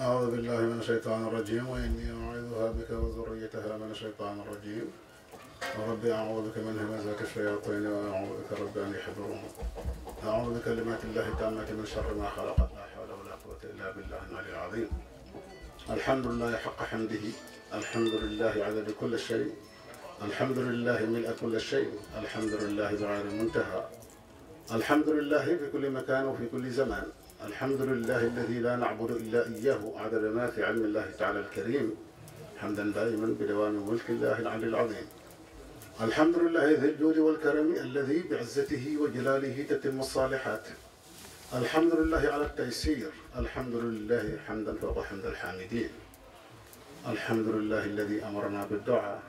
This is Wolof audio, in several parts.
أعوذ بالله من الشيطان الرجيم وإني أعوذها بك وذريتها من الشيطان الرجيم رب أعوذ بك من همزات الشياطين وأعوذ بك رب أن يحضرون أعوذ بكلمات الله التامة من شر ما خلق لا حول ولا قوة إلا بالله العلي العظيم الحمد لله حق حمده الحمد لله عدد كل شيء الحمد لله ملء كل شيء الحمد لله بعير المنتهى الحمد لله في كل مكان وفي كل زمان الحمد لله الذي لا نعبد إلا إياه عدد ما في علم الله تعالى الكريم حمدا دائما بدوام ملك الله العلي العظيم الحمد لله ذي الجود والكرم الذي بعزته وجلاله تتم الصالحات الحمد لله على التيسير الحمد لله حمدا فوق حمد الحامدين الحمد لله الذي أمرنا بالدعاء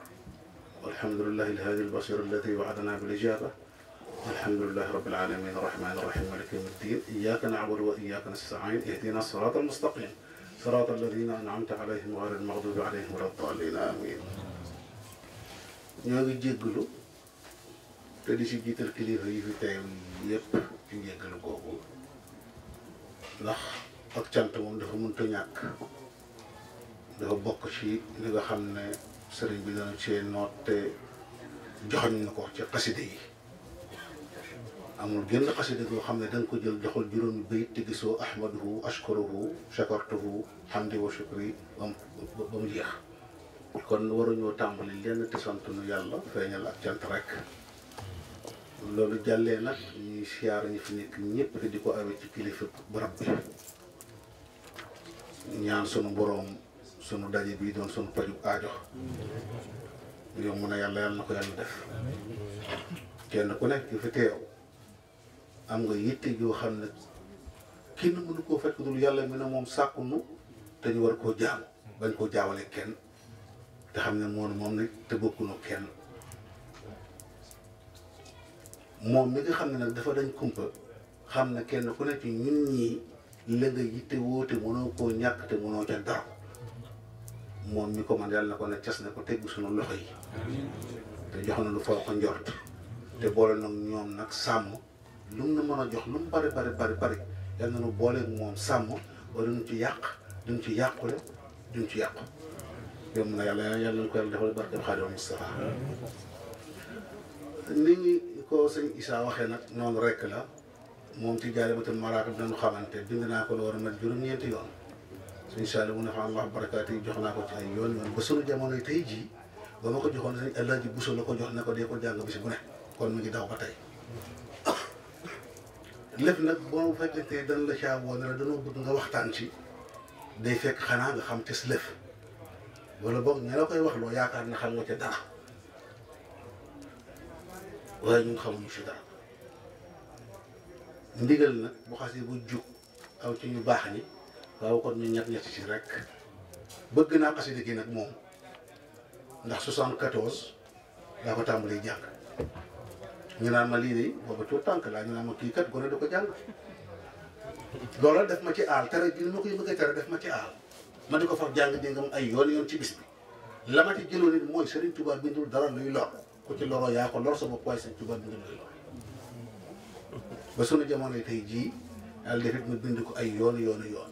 والحمد لله الهادي البصير الذي وعدنا بالإجابة alhamdulilahi rabbil alamin arrahmani irrahim maliki yawmi ddin iyyaka na'budu wa iyyaka nasta'in ihdina sirata almustaqim sirata alladina an'amta alayhim ghayri almaghdubi alayhim wala ddallin amin ñoo ngi jéggalu te di si jiital kilifa yi fi teew yépp ci njéggalu googu ndax ak cant moom dafa mënta ñàkk dafa bokk ci li nga xam ne sëriñ bi dana cee noot te joxoñ na ko ci xaside yi amul génn xasida goo xam ne da nga ko jël joxul juróomi bayit te gisoo ahmaduhu ashkuruhu shakartuhu hamdi wa shukri ba mu ba mu jeex kon waruñoo tàmbali lenn te sant nu yàlla feeñal ak cant rek loolu jàllee nag ñuy siyaar ñi fi nekk ñëpp di ko awee ci kilifa barab bi ñaan sunu boroom sunu daje bii doon sunu pajub aajo yow mun a yàlla yàlla na ko yàlla def kenn ku nekk fi teew am nga yitte joo xam ne kenn mënu koo fekk yàlla mi ne moom sàkkunu te ñu war koo jaamu bañ koo jaawale kenn te xam ne moom moom nag te bokkunu kenn moom mi nga xam ne nag dafa dañ kumpa xam ne kenn ku nekk ñun ñii la nga yitte woote mënoo koo ñàkk te mënoo ca dara moom mi ko man yàlla na ko ne cas na ko tegg suñu loxo yi te jox na lu faw ko njort te boole nag ñoom nag sàmm lu mu mën a jox lu mu bari bari bari bari yal na lu booleeg moom sàmm ba duñ ci yàq duñ ci yàqule duñ ci yàqu. yomb na yàlla yal nañu ko yàlla defal barke Xaadimu Mustafa nit ñi ko sëñ Issa waxee nag noonu rek la moom ci Jaalibatul Maraaqib dañu xamante bind naa ko lu war a mel juróom-ñeenti yoon suñu saali mu ne fa Allah barakaati jox naa ko ci ay yoon yoon ba sunu jamono yi tey jii ba ma ko joxoon sëñ Alaaji Buso la ko jox ne ko dee ko jàng bi si bu ne kon mu ngi daw ba tey. lépp nag boo fekkente dañ la caa woo ne bëgg nga waxtaan si day fekk xanaa nga xam te lëf wala boog ña koy wax loo yaakaar na xam nga ca dara waaye ñun xamuñu fi dara ndigal nag bu xasee bu jug aw ci ñu baax ni waaw kon ñu ñett ñett rek bëgg naa xasida gi nag moom ndax 74 daa ko tàmbalee jàng ñu naan ma lii de booba tuut tànk laa ñu naan ma kii kat gone da ko jàng loola def ma ci aal tere bi ni ma koy bëggee tere def ma ci aal ma di ko faf jàng déngam ay yoon yoon ci bis bi la ma ci jëloon it mooy Serigne dara luy lor ku ci loroo yaa ko lor sa bopp waaye Serigne Touba sunu jamono tey jii yàlla defit ma bind ko ay yoon yoon yoon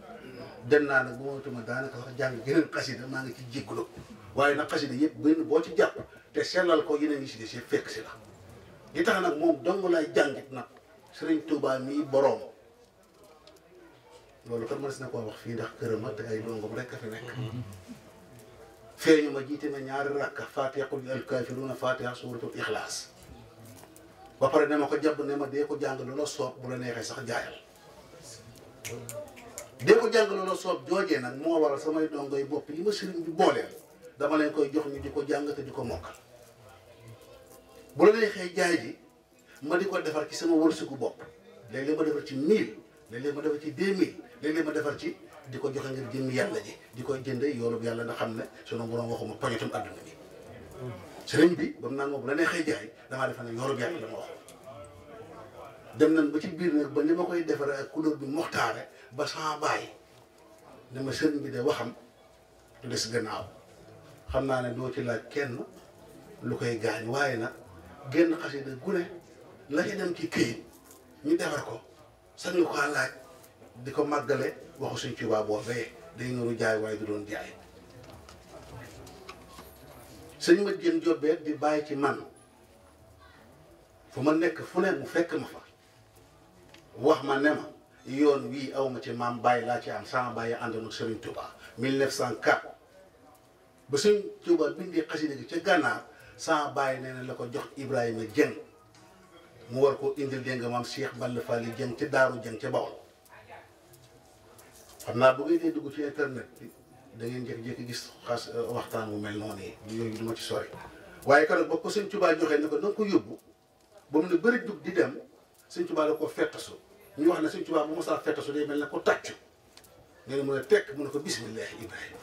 dem naa nag bu ma daanaka sax jàng geneen xasida maa ngi ci jégguloo waaye nag xasida yëpp benn boo ci jàpp te sellal ko yeneen si des yëpp fekk si la li tax nag moom dong lay jàngit nag sëriñ tuubaa mii boroom loolu kat mën na koo wax fii ndax këram te ay dongom rek a fi nekk. feeñu ma jiite na ñaari rakka Fatiha na alkaafiruuna Fatiha suuratul Ikhlaas ba pare ne ma ko jab ne ma dee ko jàng loola soob bu la neexee sax jaayal. dee ko jàng loola soob joojee nag moo waral samay dongoy bopp yi ma sëriñ bi booleel dama leen koy jox ñu di ko jàng te di ko mokkal. bu la neexee jaay ji ma di ko defar ci sama wërsëgu bopp léeg-léeg ma defar ci 1000 léeg-léeg ma defar ci 2000 léeg-léeg ma defar ci di ko joxe ngir jëm yàlla ji di koy ko jënd yoolub yàlla na xam ne sunu borom waxuma poñetum àdduna bi sëriñ bi ba mu naan moom bu la neexee jaay damaa defa ne yoolub yàlla la ma dem nañ ba ci biir nag ba li ma koy defaree ak couleur bi moxtaare ba sama bàyyi ne sëriñ bi de waxam des gannaaw xam naa ne doo ci laaj kenn lu koy waaye nag génn xasida gu ne la ci dem ci këyit ñu defar ko sañu ko laaj di ko màggale waxu suñ Tuubaa boo day nuru jaay waaye du doon jaay sëñ ma jën jobbeet di bàyyi ci man fu ma nekk fu ne mu fekk ma fa wax ma ne yoon wii aw ma ci maam bàyyi laa ci am sama bàyyi àndoon ak Sëriñ Tuubaa 1904 ba Sëriñ Tuubaa bindee xasida gi ca gànnaar saa bàyyi nee na la ko jox Ibrahima Dieng mu war ko indil dégg nga maam Cheikh Balla jën Dieng ci Daaru Dieng ca Bawol xam naa bu ngeen dee dugg ci internet bi da ngeen gis xas euh, waxtaan bu mel noonu yi yooyu du ma ci sori waaye kan ba ko sëñ Tuubaa joxee ne ko na ko yóbbu ba mu ne bëri dugg di dem sëñ Tuubaa da ko fettasu ñu wax ne sëñ Tuubaa bu mosaa fettasu day mel na ko tàccu nga ne mën a tekk mu ne ko bismillah Ibrahima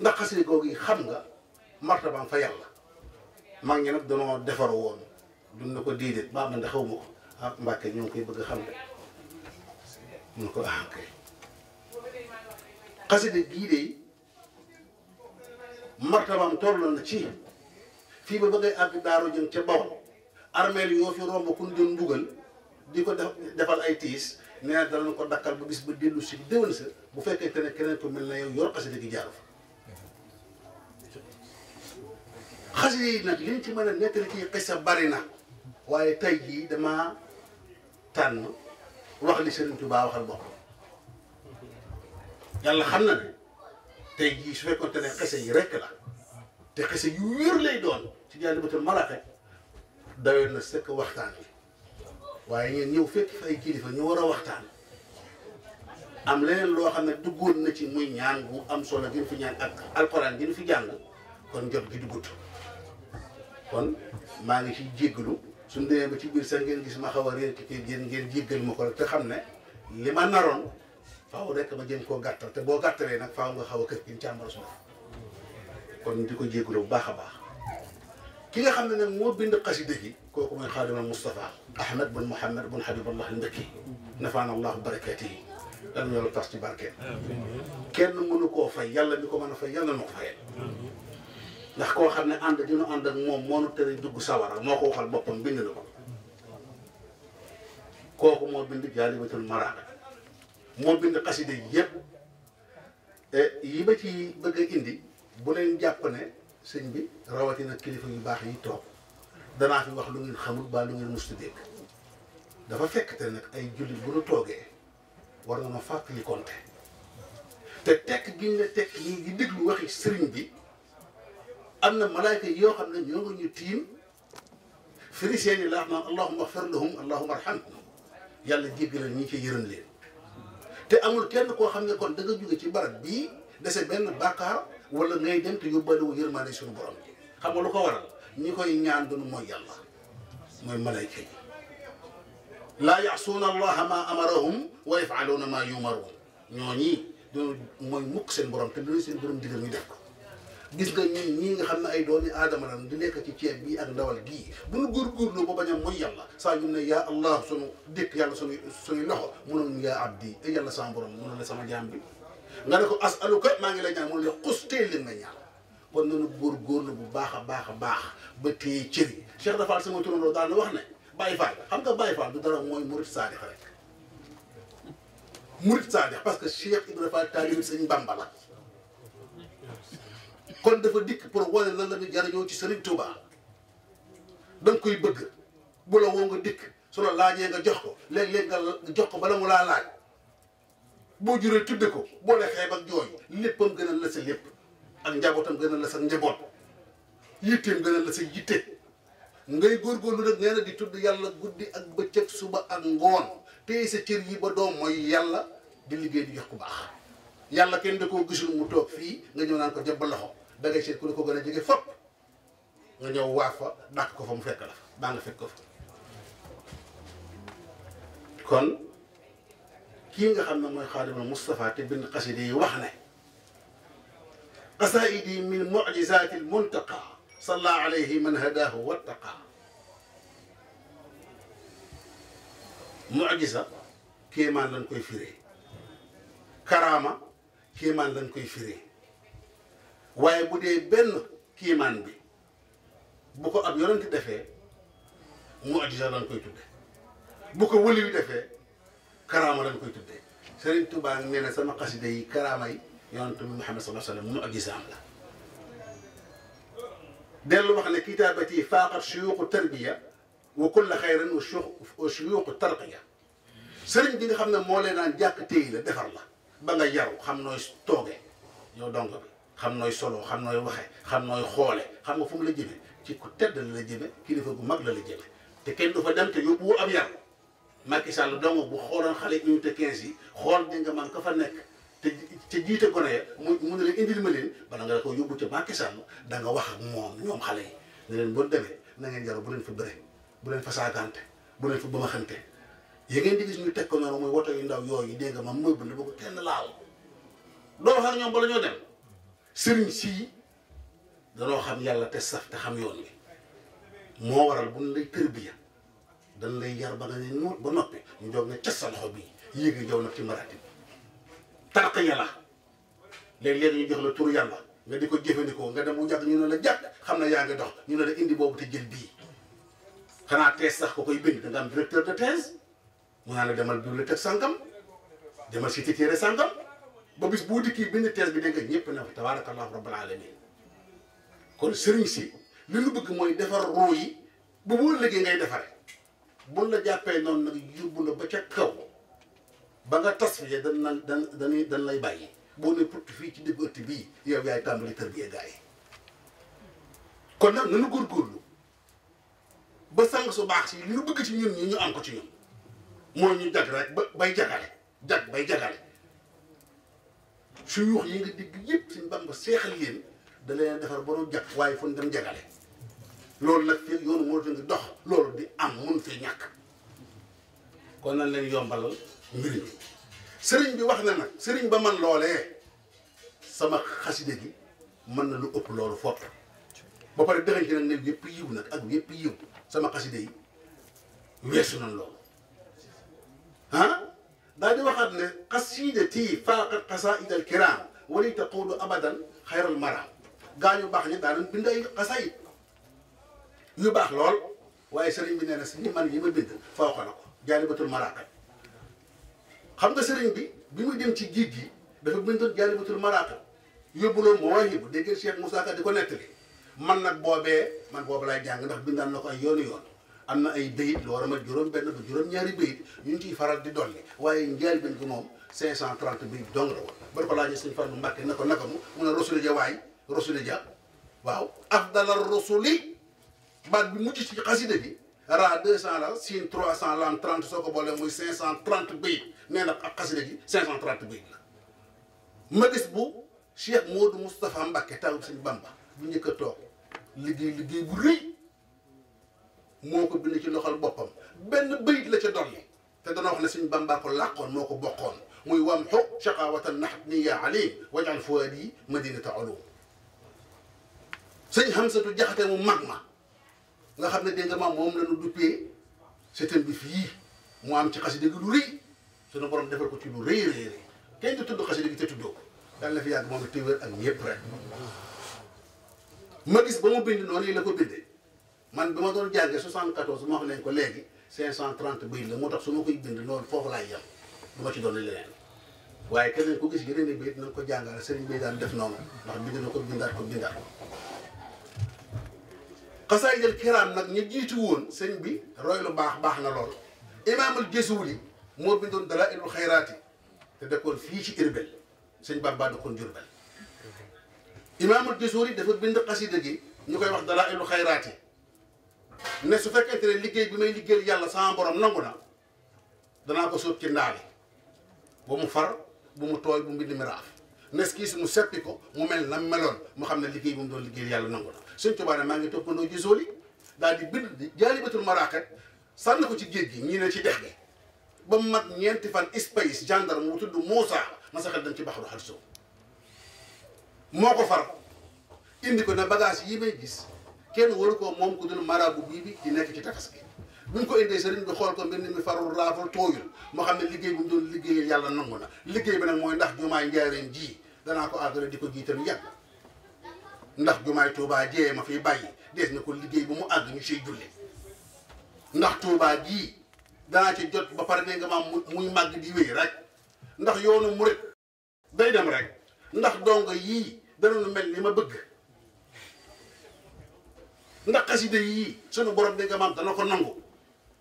ndax xasida koo yi xam nga martabaam yàlla mag ñi nag danoo defar woon du na ko déedéet baa man de xaw ma ko ah Mbàkke ñoo ngi bëgg a xam de ko ah kay xasida gii de martabaam toll na ci fii ba bëggay àgg daaru jëm ca Bawol armeel yi ñoo fi romb kun doon mbugal di ko defal ay tiis nee na danañ ko dakkal ba bis ba dellu si déwén sa bu fekkee te ne keneen ko mel na yow yor xasida gi jaaru fa xasida yi nag liñ ci mën a nettali ci xisa bari na waaye tey jii dama tànn wax li Sëriñ Tuubaa waxal boppam yàlla xam na ne tey jii su fekkoon te ne xisa yi rekk la te xisa yu wér lay doon ci Jaalibatul Maraqi dawe na sëkk waxtaan bi waaye ñeen ñëw fekk fi ay kilifa ñu war a waxtaan am leneen loo xam ne duggoon na ci muy ñaan bu am solo gi ñu fi ñaan ak alxuraan gi ñu fi jàng kon jot gi duggut kon maa ngi ci jéggalu su demee ba ci biir sax ngeen gis ma xaw a réer ci kii ngeen ngeen jéggal ma ko rek te xam ne li ma naroon faaw rek ma jën koo gàttal te boo gàttalee nag faw nga xaw a kër gi càmbar suuf kon di ko jéggalu bu baax a baax ki nga xam ne nag moo bind xasida gi kooku mooy xaadimal Moustapha Ahmed bun Mouhamed bun Habiballah Mbekki nafaana allahu barakaatihi lan ñoo la tas ci barkeen kenn mënu koo fay yàlla mi ko mën a fay yàlla na ma ko fayal ndax koo xam ne ànd gi ànd ak moom moo nu tere dugg sawara moo ko waxal boppam bind na ko kooku moo bind Jaalibatul Maraam moo bind xaside yépp e, yi ba ci bëgg a indi bu leen jàpp ne sëñ bi rawatina kilifa yu baax yi toog danaa fi wax lu ngeen xamul ba lu ngeen mustu dégg dafa fekk te nag ay jullit bu nu toogee war na ma fàttali konte te tekk gi ñu ne tekk yi di déglu waxi sëriñ bi am na malaayka yoo xam ne ñoo ngi ñu tiim firi seen i laax naan allahuma axfir lahum allahuma arhamhum yàlla jéggal leen ñu ci yërëm leen te amul kenn koo xam ne kon da jóge ci barab bii dese benn bàkkaar wala ngay dem te yóbbaale wu yërmaane suñu borom xam nga lu ko waral ñi koy ñaan duñu mooy yàlla mooy malaayka yi laa yaxsuuna allaha ma amarahum wa yafaluuna ma yumaruun ñooñi duñu mooy mukk seen borom te lu seen borom digal ñu def ko gis nga ñi ñii nga xam ne ay doomi aadama lan di lekk ci ceeb bii ak ndawal gii bu nu góorgóorlu ba bañ a yàlla saa ñu ne yaa allah sunu dékk yàlla sunuy sunuy loxo munoon a abdi yàlla sama borom sama jaam nga ne ko asaluka maa ngi lay ñaan mun la xustee li nga ñaan kon nanu góorgóorlu bu baax a baax a baax ba téye cër yi Cheikh Dafal sama turandoo daal na wax ne Baye Fall xam nga Baye Fall du dara mooy murit saadix rek murit saadix parce que Cheikh Ibrahima Fall taalibi kon dafa dikk pour wane lan la ñu jariñoo ci Serigne Touba da nga koy bëgg bu la woo nga dikk su la laajee nga jox ko léeg-léeg nga jox ko bala mu laa laaj boo juree tudde ko boo la xeeb ak jooy léppam gënal la sa lépp ak njabootam gënal la sa njaboot yitteem gënal la sa yitte ngay góorgóorlu nag nee na di tudd yàlla guddi ak bëccëg suba ak ngoon téye sa cër yi ba doom mooy yàlla di liggéey di jox ku baax yàlla kenn da koo gisul mu toog fii nga ñëw naan ko ba loxo da ngay seet ku la ko gën a jege fopp nga ñëw waaf fa dàq ko fa mu fekk la fa baa nga fekk ko fa kon kii nga xam na mooy xaadimul Moustapha te bind xasida yi wax ne qasaidi min mucjisaati almuntaqa salla alayhi man hadaahu wattaqa mucjisa kéemaan lañ koy firee karaama kéemaan lañ koy firee waaye bu dee benn kiimaan bi bu ko ab yonent defee mu ajisa lañ koy tudde bu ko wëli wi defee karaama lañ koy tuddee Serigne Touba nee na sama xasida yi karaama yi yonent bi Muhammad sallallahu alayhi wa sallam mu ajisaam la dellu wax ne kitaabati faaqat suyuuqu tarbiya wa kulla xayran wa suyuuqu tarqiya sëriñ bi nga xam ne moo leen daan jàkk téy la defar la ba nga yaru xam nooy tooge yow dongo bi xam nooy solo xam nooy waxe xam nooy xoole xam nga fu mu la jëme ci ku tedd la la jëme kilifa gu mag la la jëme te kenn du fa dem te yóbbu am yar Macky Sall dong bu xooloon xale ñu te 15 yi xool di nga man ka fa nekk te te jiite gone ya mu mun na leen nga ko yóbbu ca Macky Sall da nga wax ak moom ñoom xale yi ne leen boo demee na ngeen jarul bu leen fa bëre bu leen fa saagante bu leen fa ba ma xante ya ngeen di gis ñu teg ko noonu muy woto yu ndaw yooyu dégg nga ma mëbb na ba ko kenn laal doo wax ak ñoom bala ñoo dem sëriñ sii danoo xam yàlla te saf te xam yoon wi moo waral bu ñu lay tërbiya dañ lay yar ba nga ne noot ba noppi mu jox na ca sa loxo bii yéegi jow nag ci maratib tarq yàlla léeg-léeg ñu jox la turu yàlla nga di ko jëfandikoo nga dem bu jàkk ñu ne la jàkk xam na yaa ngi dox ñu ne la indi boobu te jël bii xanaa thèse sax ko koy bind da nga am directeur de thèse mu naa la demal bibliothèque sàngam demal si téere sàngam ba bis boo dikkee benn thèse bi dégg nga ñëpp na fa tabaarakallahu rabbal alamin kon sëriñ si li ñu bëgg mooy defar ruu yi ba boo ngay defaree buñ la jàppee noonu nag yóbbu ba ca kaw ba nga tas fii dañ naan dañuy dañ lay bàyyi. boo ne ci dégg ëtt bii yow yaay tàmbali tërbiyee gaa yi kon nag nañu góorgóorlu ba sang su baax si li ñu bëgg ci ñun ñi ñu am ko ci ñun mooy ñu jag rek ba bay jagale jag bay jagale. suyuux yi nga dégg yëpp suñ Bamba seexal yéen da leen defar ba doon jàpp waaye fu ñu dem jagale loolu nag fii yoonu moo tax dox loolu di am mun fee ñàkk kon nañ leen yombalal mbir sëriñ bi wax na nag sëriñ ba man loolee sama xaside gi mën na lu ëpp loolu fopp ba pare dëxañ ci nag ne yëpp yiw nag ak yëpp yiw sama xaside yi weesu nañ loolu ah daal di waxaat ne xasiidati faaqat xasaid al kiram wali taquulu abadan xayral mara gaa ñu baax ñi daa doon bind ay xasaid yu baax lool waaye sëriñ bi nee na si ñi man yi ma bind foofa na ko jaalibatul maraqib xam nga sëriñ bi bi muy jëm ci géej gi dafa bindoon jaalibatul maraqib yóbbu loo mawaahibu dégg Cheikh Moussa Ka di ko nettali man nag boobee man boobu laay jàng ndax bindaan na ko ay yoonu yoon am na ay bayit lu war a juróom benn ba juróom-ñaari bayit ñu ngi ciy faral di dolli waaye njaal benn ko moom 530 bayit dong la woon ko laajee sëñ Fallu Mbàkke na ko naka mu mun a rasuli ja waay rasuli ja waaw afdala rasuli bi mujj ci xasida bi ra cent la siin cent lan 30 soo ko boolee muy 530 bayit nee na ak xasida ji 530 bayit la ma gis bu Cheikh Modou Moustapha Mbàkke taw sëñ Bamba bu njëkk a toog liggéey liggéey bu rëy moo ko bind ci loxol boppam benn bayit la ca dolli te dana wax ne suñ bambaa ko làqoon moo ko bokkoon muy wam xu chaqawatan nax ni yaa alim wajal fuwaadi yi madinata ulum sëñ Hamsatu Jaxate mu mag ma nga xam ne dégg nga maam moom la ñu duppee setam bi fii mu am ci xasida gi lu rëy sunu borom defal ko ci lu rëy rëy rëy kenn du tudd xasida gi te tuddoo ko yàlla fi yàgg moom téwér ak ñëpp rek noonu yi la ko man bi ma doon jàngee 74 ma wax leen ko léegi 530 bayit la moo tax su ma koy bind noonu foofu laay yem du ma ci doon leneen waaye keneen ku gis yeneen i bayit nañ ko jàngale sëriñ bi daan def noonu ndax bind na ko bindaat ko bindaat ko xasaay jël kiraam nag ñu woon sëñ bi roy lu baax baax na lool imaamul Jasuli moo bindoon dala ilul xayraati te dëkkoon fii ci Irbel sëñ Bamba dëkkoon Jurbel imaamul Jasuli dafa bind xasida gi ñu koy wax dala ilul xayraati ne su fekkente ne liggéey bi may liggéeyal yàlla sama borom nangu na danaa ko sóob ci ndaali bu mu far bu mu tooy bu mu bind mi raaf nes kii si mu seppi ko mu mel na meloon mu xam ne liggéey bu mu doon liggéeyal yàlla nangu na suñ tubaab ne maa ngi toppandoo ji zóoli daal di bind jaalibatul maraakat sànn ko ci géej gi ñii ne ci dex gi ba mu mat ñeenti fan space gendarme wu tudd sa masaxal dañ ci baxaru xal soow moo ko far indi ko ne bagage yi gis kenn waru ko moom ku dul marabu bii bi di nekk ci tefes gi buñ ko indee sëriñ bi xool ko mbind mi farul raafal tooyul moo xam ne liggéey bu mu doon yàlla nangu na liggéey bi nag mooy ndax jumaay njaareen ji danaa ko àggale di ko jiitalu yàlla ndax jumaay Touba jee ma fiy bàyyi dees na ko liggéey bu mu àgg ñu siy julli ndax Touba jii danaa ci jot ba pare ne nga maam muy màgg di wéy rek ndax yoonu murit day dem rek ndax dongo yii danañu mel ni ma bëgg ndax xasida yii sunu borom bi nga maam dana ko nangu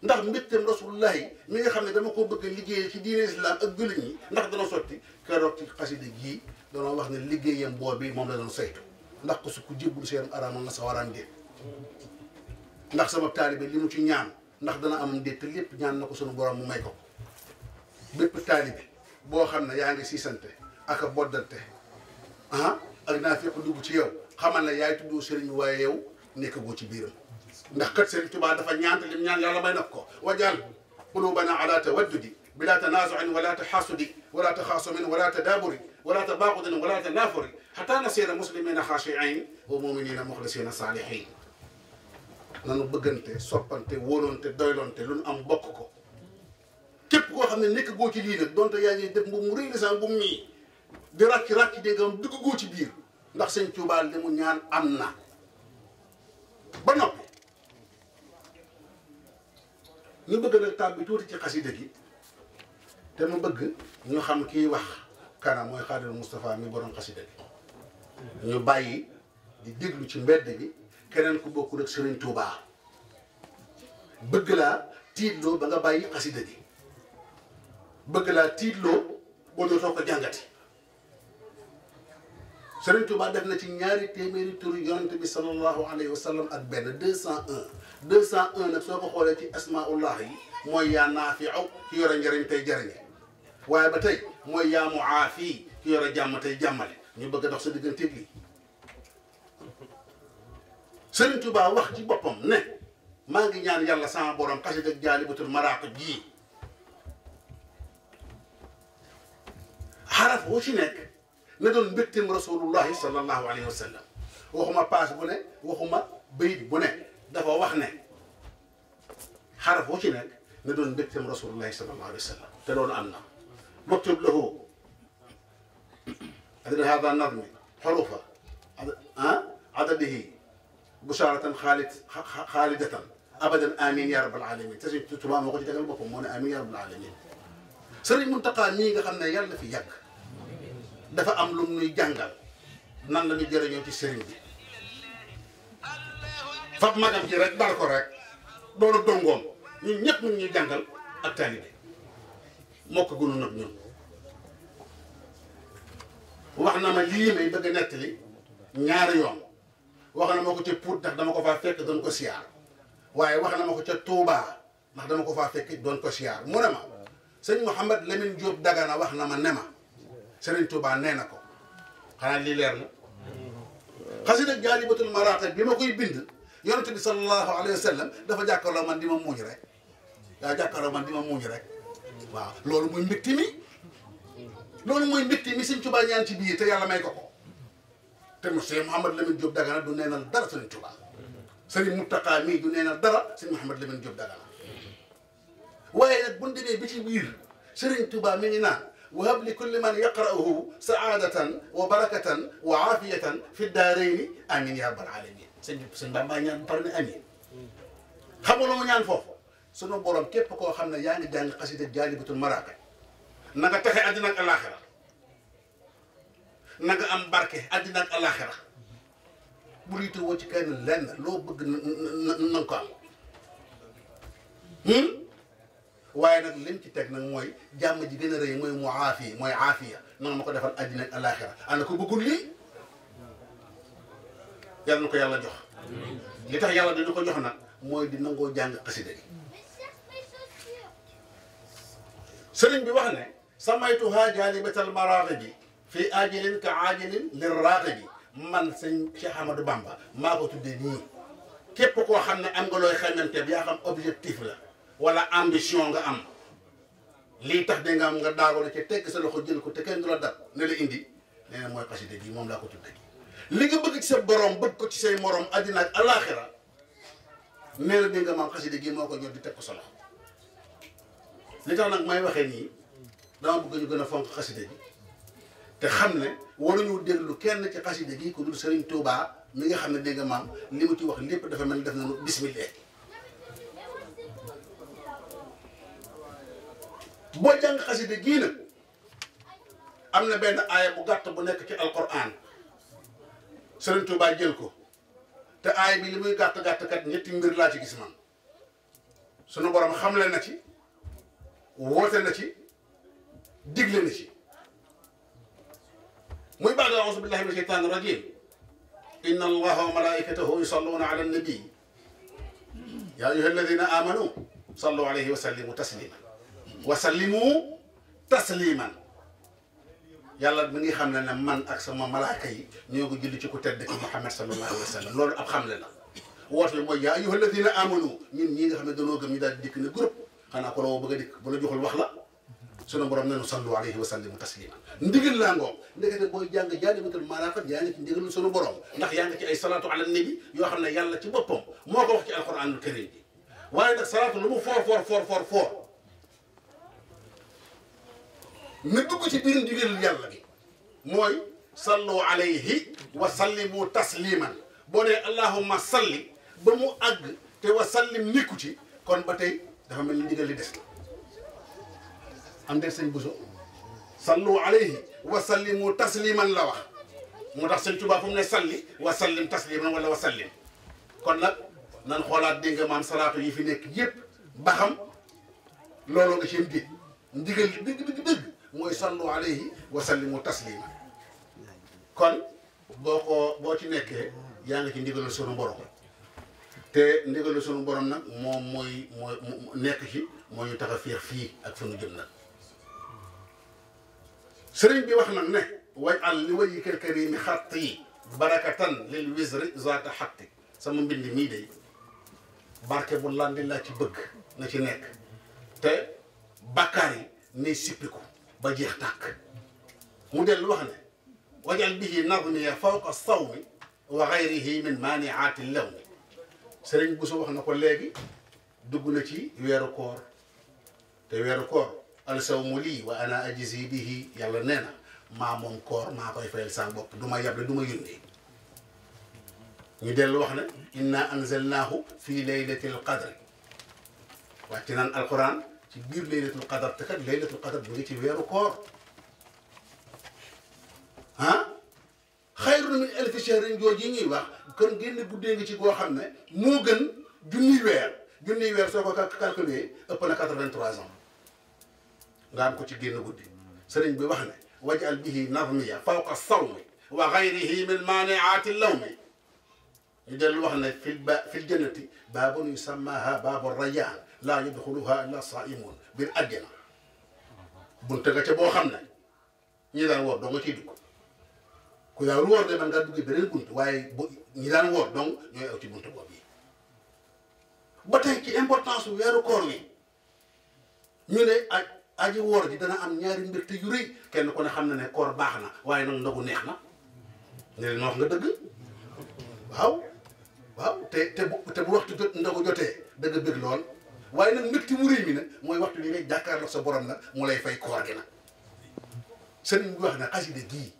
ndax mbégteem rasulullahi mi nga xam ne dama ko bëgg a ci diine islam ak jullit ñi ndax dana sotti keroog ci xasida gii danoo wax ne liggéeyam bi moom la saytu ndax ko su ko jébbul seen araamal na sa waraan déet ndax sama taalibe li mu ci ñaan ndax dana am déet te lépp ñaan na ko sunu borom mu may ko bépp taalibe boo xam ne yaa ngi siisante ak a boddante ah ak naa fekk dugg ci yow xamal ne yaay tuddoo sëriñ waaye yow nekk goo ci biiram ndax kat Sëriñ Tuubaa dafa ñaanta lim ñaan yàlla may nag ko wajal qulubana ala tawaddudi bila tanazuin wala taxaasudi wala taxaasumin wala tadaaburi wala tabaaqudin wala tanaafuri xataa nasiira muslimina xaashiin wa muminina muxlisina saalihin nanu bëggante soppante wóolonte doylonte lu nu am bokk ko képp koo xam ne nekk goo ci lii nag donte yaa ngi def mbubb mu rëy lisan bu mu mii di ràcc ràcc dégg nga am dugg goo ci biir ndax Sëriñ Tuubaa li na ba noppi ñu bëgg nag tàbbi tuuti ci xasida gi te mu bëgg ñu xam kiy wax kanam mooy Xaadimu Mustafaa mi borom xasida gi ñu bàyyi di déglu ci mbedd bi keneen ku bokkul ak Sëriñ Tuubaa bëgg laa tiitloo ba nga bàyyi xasida gi bëgg laa tiitloo ba dootoo ko jàngati Sëriñ Tuubaa def na ci ñaari téeméeri turu yonent bi sallallahu alayhi wa sallam ak benn 201 201 nag soo ko xoolee ci asmaullah yi mooy yaa naafiu ki yore njëriñ tey jëriñe waaye ba tey mooy yaa muaafi ki yore jàmm tey jàmmale ñu bëgg a dox sa digganteeg lii Sëriñ Tuubaa wax ci boppam ne maa ngi ñaan yàlla sama borom xasida ak jaalibatul maraaqib jii xaraf wu ci nekk. la doon mbégteem rasulullahi sallallahu alayhi wa sallam waxuma paas bu ne waxuma bayit bu ne dafa wax ne xaraf wu ci nekk na doon mbégteem rasulullahi sallallahu alayhi wa sallam te loolu am na maktub lahu adad hada nadmi xurufa ah adadihi busharatan xaalit xaalidatan abadan amin ya rabbal alamin te si tubaab moo ko ci tegal boppam moo ne amin ya rabbal alamin sëriñ Muntaqa mii nga xam ne yàlla na fi yàgg dafa am lu muy jàngal nan la ñu jëriñoo ci sëriñ bi fab magam ji rek dal ko rek doonu dongoom ñun ñëpp ñu ñuy jàngal ak taalibe mokk gunu nag ñun wax na ma lii may bëgg a nettali ñaari yoon wax na ma ko ca Pout ndax dama ko faa fekk doon ko siyaar waaye wax na ma ko ca Touba ndax dama ko faa fekk doon ko siyaar mu ne ma sëñ Mouhamed Lamine Diop Dagana wax na ma ne ma Serigne Touba nee na ko xanaa lii leer na xasida jaalibatul maraaqib bi ma koy bind yonent bi sallallahu alayhi wa sallam dafa jàkkaarloo man di ma muuñ rek daa jàkkaarloo man loolu mooy mbégte mi loolu mooy mbégte mi Serigne Touba ñaan te yàlla may ko ko te monsieur Mouhamad Lamine Diop Dagana du neenal dara Serigne Touba Serigne Mountakha mii du neenal dara Serigne Mouhamad Lamine Dagana mi ngi wahab li kulli man yaqra'uhu saadatan wa barakatan wa aafiyatan fi daarayni amin ya rabbal alamin sëñ sëñ Bamba ñaan par ne amin xamuloo mu ñaan foofu sunu borom képp koo xam ne yaa ngi jàng xasida jaalibatul maraaka na nga texe àddina ak alaaxira na nga am barke àddina ak alaaxira bu liitoo woo ci kenn lenn loo bëgg na nga ko am hmm? waaye nag lim ci teg nag mooy jàmm ji gën a rëy mooy mu aafiya mooy aafiya noonu ma ko defal àddina ak alaaxira ana ko bëggul lii yàlla na ko yàlla jox li tax yàlla dañu ko jox nag mooy di nangoo jàng xasida gi sëriñ bi wax ne samaytuha jaalibatal ji fii aajilin ka aajilin lir raaxibi man sëñ Cheikh Amadou bàmba maa ko tuddee nii képp koo xam ne am nga looy xamante yaa xam objectif la wala ambition nga am lii tax da nga am nga daagoo na ci tekk sa loxo jël ko te kenn du la dab ne la indi nee na mooy xasida gi moom laa ko tudde li nga bëgg sa borom bëgg ko ci say morom àddina ak alaaxira nee na da nga maam gi moo ko ñor di teg ko sa loxo li tax nag may waxee nii dama bëgg ñu gën a fonk xasida gi te xam ne waruñu déglu kenn ci xasida gi ko ku dul Serigne Touba mi nga xam ne dégg nga maam li mu ci wax lépp dafa mel def nañu bismillah boo jàng xasida gii nag am na benn aaya bu gàtt bu nekk ci alquran Sëriñ Tuubaa jël ko te aaya bi li muy gàtt gàtt kat ñetti mbir laa ci gis man sunu borom xamle na ci woote na ci digle na ci muy baag auzu billahi mina sheytaani rajim inna allaha wa malaikatahu yusalluuna ala annabi ya ayyuha alladina amanu sallu alayhi wa sallimu taslima wasallimu tasliman yàlla mi ngi xam ne ne man ak sama malaaka yi ñoo ko julli ci ku tedd ki Muhammad sallallahu alayhi wa sallam loolu ab xamle la woote bi mooy yaa ayyuha alladina amanu ñun ñi nga xam ne dañoo gëm ñu daal di dikk ne groupe xanaa ku la woo bëgg a dikk bu la joxul wax la sunu borom nanu sallu alayhi wa sallimu taslima ndigal laa ngoom ndekete booy jàng jaalibatul maraqat yaa ngi ci ndigalul sunu borom ndax yaa ngi ci ay salaatu ala nabi yoo xam ne yàlla ci boppam moo ko wax ci alquranul karim bi waaye nag salaatu lu mu foor foor foor foor foor mi dugg ci biir ndigal yàlla bi mooy sallu alayhi wa sallimu tasliman boo nee allahumma salli ba mu àgg te wa sallim nikku ci kon ba tey dafa mel ni ndigal li des la am de sëñ Bousso sallu alayhi wa sallimu tasliman la wax moo tax sëñ Tuubaa fu mu ne salli wa sallim tasliman wala wa sallim kon nag nan xoolaat dégg maam salaatu yi fi nekk yépp ba xam looloo nga seen di ndigal li dëgg dëgg dëgg mooy sallu alayhi wa sallimu taslima kon boo ko boo ci nekkee yaa ngi ci ndigalul sunu borom te ndigalul sunu borom nag moom mooy mooy nekk ci moo ñu tax a fii ak fu nu jëm nag sëriñ bi wax nag ne waj al li wajhikal karimi xatt yi barakatan lil wisri zaata xatti sama mbind mii de barke bu landi laa ci bëgg na ci nekk te bakkaar yi nay sippiku ba jeex tàkk mu dellu wax ne wajal bihi nadmiya fawqa sawmi wa gayrihi min maaniaati lawmi sëriñ Bousso wax na ko léegi dugg na ci weeru koor te weeru koor alsawmu lii wa ana ajisi bihi yàlla nee na maa moom koor maa koy fayal saa bopp du ma yable du ma yundi ñu dellu wax ne inna anzalnaahu fi laylatil qadri wàcc naan alquran ci biir laylatul qadar te kat laylatul qadar bu ngi ci weeru koor ah xayrun min alfi shahrin jooju yi ñuy wax kon génn guddee ngi ci goo xam ne moo gën junniy weer junniy weer soo ko calculé ëpp na 83 ans nga am ko ci génn guddi sëriñ bi wax ne wajal bihi nazmiya fawqa sawmi wa gayrihi min maaniaati lawmi ñu dellu wax ne fi ba fi jannati baabun yusammaha baabu rayaan laa yadxuluha illa saimun biir àjjana bunte nga ca boo xam ne ñi daan woor doo nga ciy dugg ku daan woor de man ngaa dugg beneen bunt waaye bu ñi daan woor donc ñooy aw ci bunt boobu yi ba tey ci importance weeru koor wi ñu ne aj aji woor ji dana am ñaari mbir te yu rëy kenn ku ne xam na ne koor baax na waaye nag ndogu neex na ne leen wax nga dëgg waaw waaw te te bu te bu waxtu jot ndogu jotee dëgg bëgg lool waaye nag mbégte mu réy mi nag mooy waxtu bi ngay jàkkaarloo sa borom nag mu lay fay koor gi nag sëriñ bi wax ne xasida gii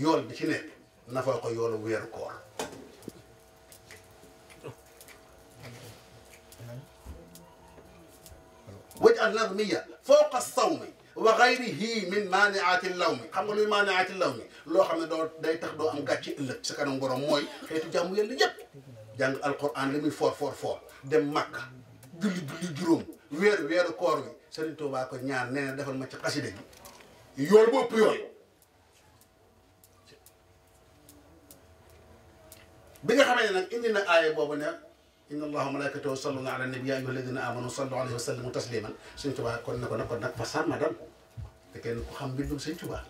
yool bi ci nekk nafoo ko yoolu weeru koor waj al nazmiya fawqa sawmi wa gayrihi min maaniaati lawmi xam nga luy maaniaati lawmi loo xam ne doo day tax doo am gàcce ëllëg sa kanam borom mooy xeetu jàmm yàlla yépp jàng alquran li muy foor foor foor dem Makka julli julli juróom weer weeru koor bi Serigne Touba ko ñaan nee defal ma ci xasida gi yool bopp yool bi nga xamee ne nag indi na aaya boobu ne inna allaha malaikatahu yusalluna ala nabi ya ayyuha alladina amanu sallu alayhi wa sallimu ko nag kon nag fa sàmma te kenn ku xam mbindum Serigne Touba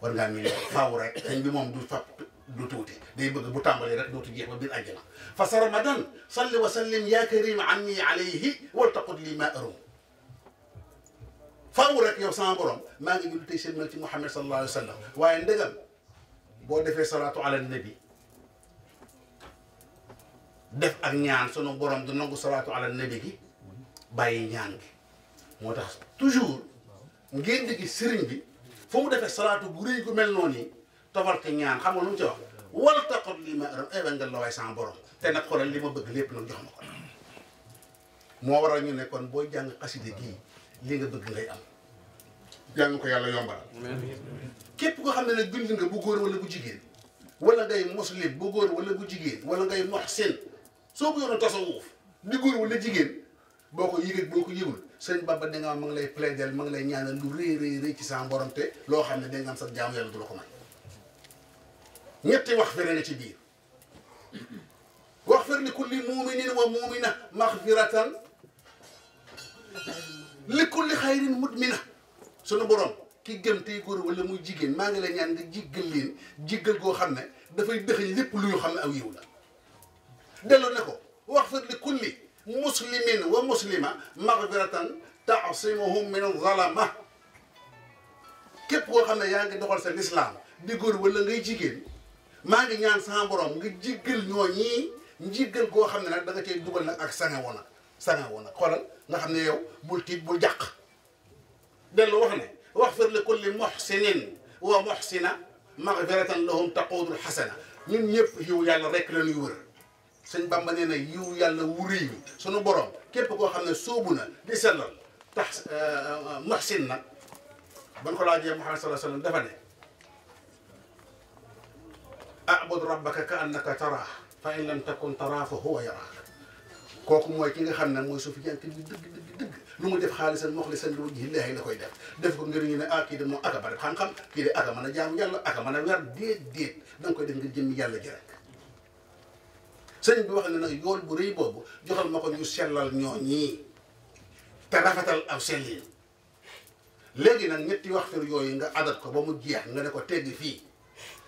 war ngaa mii faaw rek bi moom du fàpp du tuuti di bu tàmbalee rek dootu jeex ba biir àjjana fa sa ramadan salli wa sallim yaa karim anni alayhi wal taqut lii ma arum faaw rek yow sama borom maa ngi julli tey seen mel ci Muhammad boo defee salaatu ala nabi def ak ñaan sono borom du nangu salaatu ala nabi gi bàyyi ñaan gi moo tax toujours di gis sëriñ bi fu mu defee salaatu bu gu mel noonu tofal ci ñaan xam nga mu ci wax wal taqot lii ma aram ay nga la waay sama borom te nag xoolal li ma bëgg lépp nag jox ma ko moo waral ñu nekkoon boo booy jàng xaside gii li nga bëgg ngay am jàng ko yàlla yombalal képp ko xam ne nag bind nga bu góor wala bu jigéen wala ngay muslim bu góor wala bu jigéen wala ngay muhsin soo ko yoroon tasawuf di góor wala jigéen boo ko yëgee boo ko yëgul sëñ Bamba da nga ma ngi lay plaider ma ngi lay ñaanal lu rëy rëy rëy ci sa borom te loo xam ne da nga sa jaamu yàlla du ko may ñetti wax fere ci biir wax fere li kulli muminin wa mumina maxfiratan li kulli xayrin mutmina sunu borom ki gëm tey góor wala muy jigéen maa ngi la ñaan nga jiggal leen jiggal goo xam ne dafay dëxëñ lépp lu ñu xam ne aw yiw la delloo ne ko wax fere li kulli muslimin wa muslima maxfiratan taasimuhum min zalama képp koo xam ne yaa ngi doxal sa lislaam di góor wala ngay jigéen maa ngi ñaan sama borom nga jéggal ñoo ñii njéggal goo xam ne nag da nga cay dugal ak sange woon nag sange woon nga xam ne yow bul tiit bul jàq dellu wax ne wax fir li kulli muhsinin wa muhsina magfiratan lahum taqudul xasana ñun ñëpp yiw yàlla rek la ñuy wër Bamba nee na yiw yàlla wuri yi sunu borom képp koo xam ne sóobu na di sellal tax euh, euh, muhsin nag ban ko laajee Muhammad sallallahu alayhi wa dafa ne abud rabbaka ka annaka taraa fa in lam takun taraa fa huwa yaraak kooku mooy ki nga xam ne mooy suufiyanke bi dëgg dëgg dëgg lu mu def xaalisan muxlisan li wajhi llaahi koy def def ko ngir ñu ne ah kii de moom aka bari xam-xam kii de aka mën a jaamu yàlla aka mën a wer déet déet da koy def ngir jëmmi yàlla ji rek sëñ bi wax ne nag yool bu rëy boobu joxal ma ko ñu sellal ñoo ñi te rafetal aw sellin léegi nag ñetti waxtu yooyu nga adat ko ba mu jeex nga ne ko tegg fii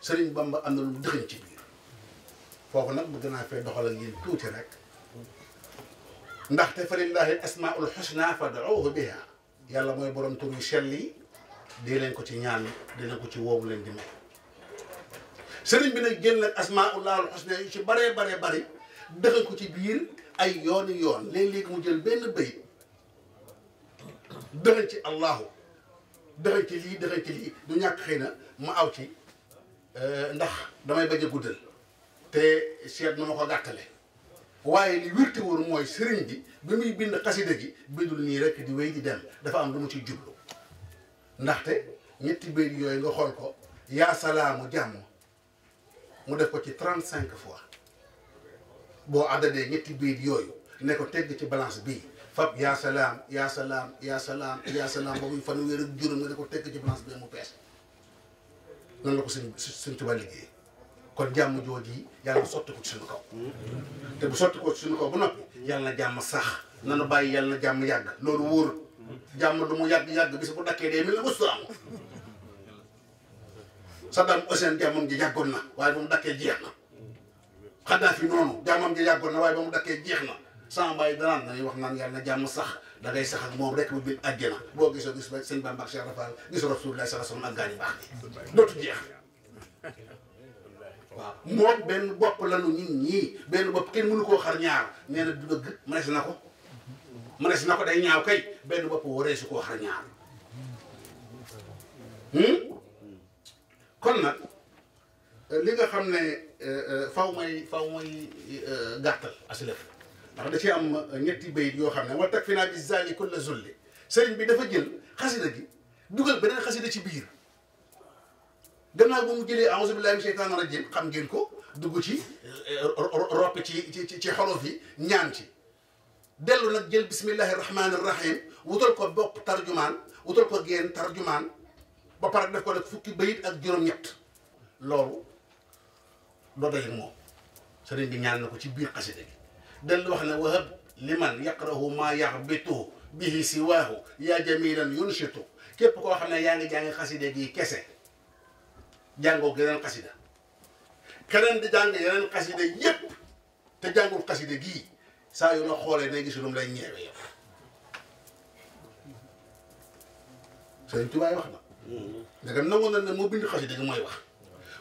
Sëriñ Bamba am na lu dëxëñ ci biir foofu nag bëgg naa fee doxal ak yéen tuuti rek ndaxte fa lillahi asmaul xusna fad'uuhu biha yàlla mooy borom tur yu sell yi dee leen ko ci ñaan dee leen ko ci woowu leen di may sëriñ bi nag génn ak asmaullahul xusna ci baree baree bari dëxëñ ko ci biir ay yooni yoon léeg-léeg mu jël benn béy dëxëñ ci allahu dëxëñ ci lii du ñàkk xëy na mu aw ci Euh, ndax damay bañ a guddal te seet nu ko gàttale waaye li wérte woon mooy sëriñ bi bi muy bind xasida gi bindul nii rek di wéy di dem dafa am lu mu ci jublu ndaxte ñetti béy yooyu nga xool ko yaa salaamu jàmm mu def ko ci trent cinq fois boo addadee ñetti béy yooyu ne ko teg ci balance bii fab yaa salaam yaa salaam yaa salaam yaa salaam ba muy fanweer ak juróom nga ne ko tegg ci balance bii mu pees noonu la ko sëñ sëñ Tuubaa liggéey kon jàmm jooju yi yàlla na sotti ko ci suñu kaw te bu sotti ko ci suñu kaw bu noppi yàlla na jàmm sax nanu bàyyi yàlla na jàmm yàgg loolu wóor jàmm du mu yàgg-yàgg bis bu dakkee dee mel na musta am Saddam Hussein jàmmam ji yàggoon na waaye ba mu dakkee jeex na Xadaafi noonu ji yàggoon na waaye ba mu dakkee jeex na sama bàyyi danaan dañuy wax naan yàlla na jàmm sax da ngay sax ak moom rek mu biir àjjana boo gisoo gis sëñ Bamba ak Cheikh Rafal gisoo Rasulullah baax bopp lanu ñun ñii benn bopp koo xar ñaar nee na du dëgg mënees na ko mënees na ko day ñaaw kay benn bopp waree su koo xar ñaar hmm? kon nag li nga xam ne eh, eh, faw may faw may eh, gàttal asilef ndax da ci am euh, ñetti bayit yoo xam ne wa tag fi naa bi zani kulla bi dafa jël xasida gi dugal beneen xasida ci biir gannaaw bu mu jëlee auzu billahi min xam ngeen ko dugg ci euh, ci ci ci ñaan ci dellu nag jël bismillahi rahmaani rahim wutal ko bopp tarjumaan wutal ko génn ba pare def ko nag fukki bayit ak juróom-ñett loolu doo doy moom sëriñ bi ñaan na ko ci biir xasida gi dal wax ne wahab liman yaqrahu maa yaxbitu bihi siwaahu yaa jamilan yunshitu képp koo xam ne yaa ngi jàngi xaside gi kese jàngoo geneen xasida keneen di jàng yeneen xaside yépp te jàngul xaside gii saa yu na xoolee day gis lu mu lay ñeewe yow Sëriñ Tuubaa wax na mm-hmm. ndegam nangu na ne moo bind xaside gi mooy wax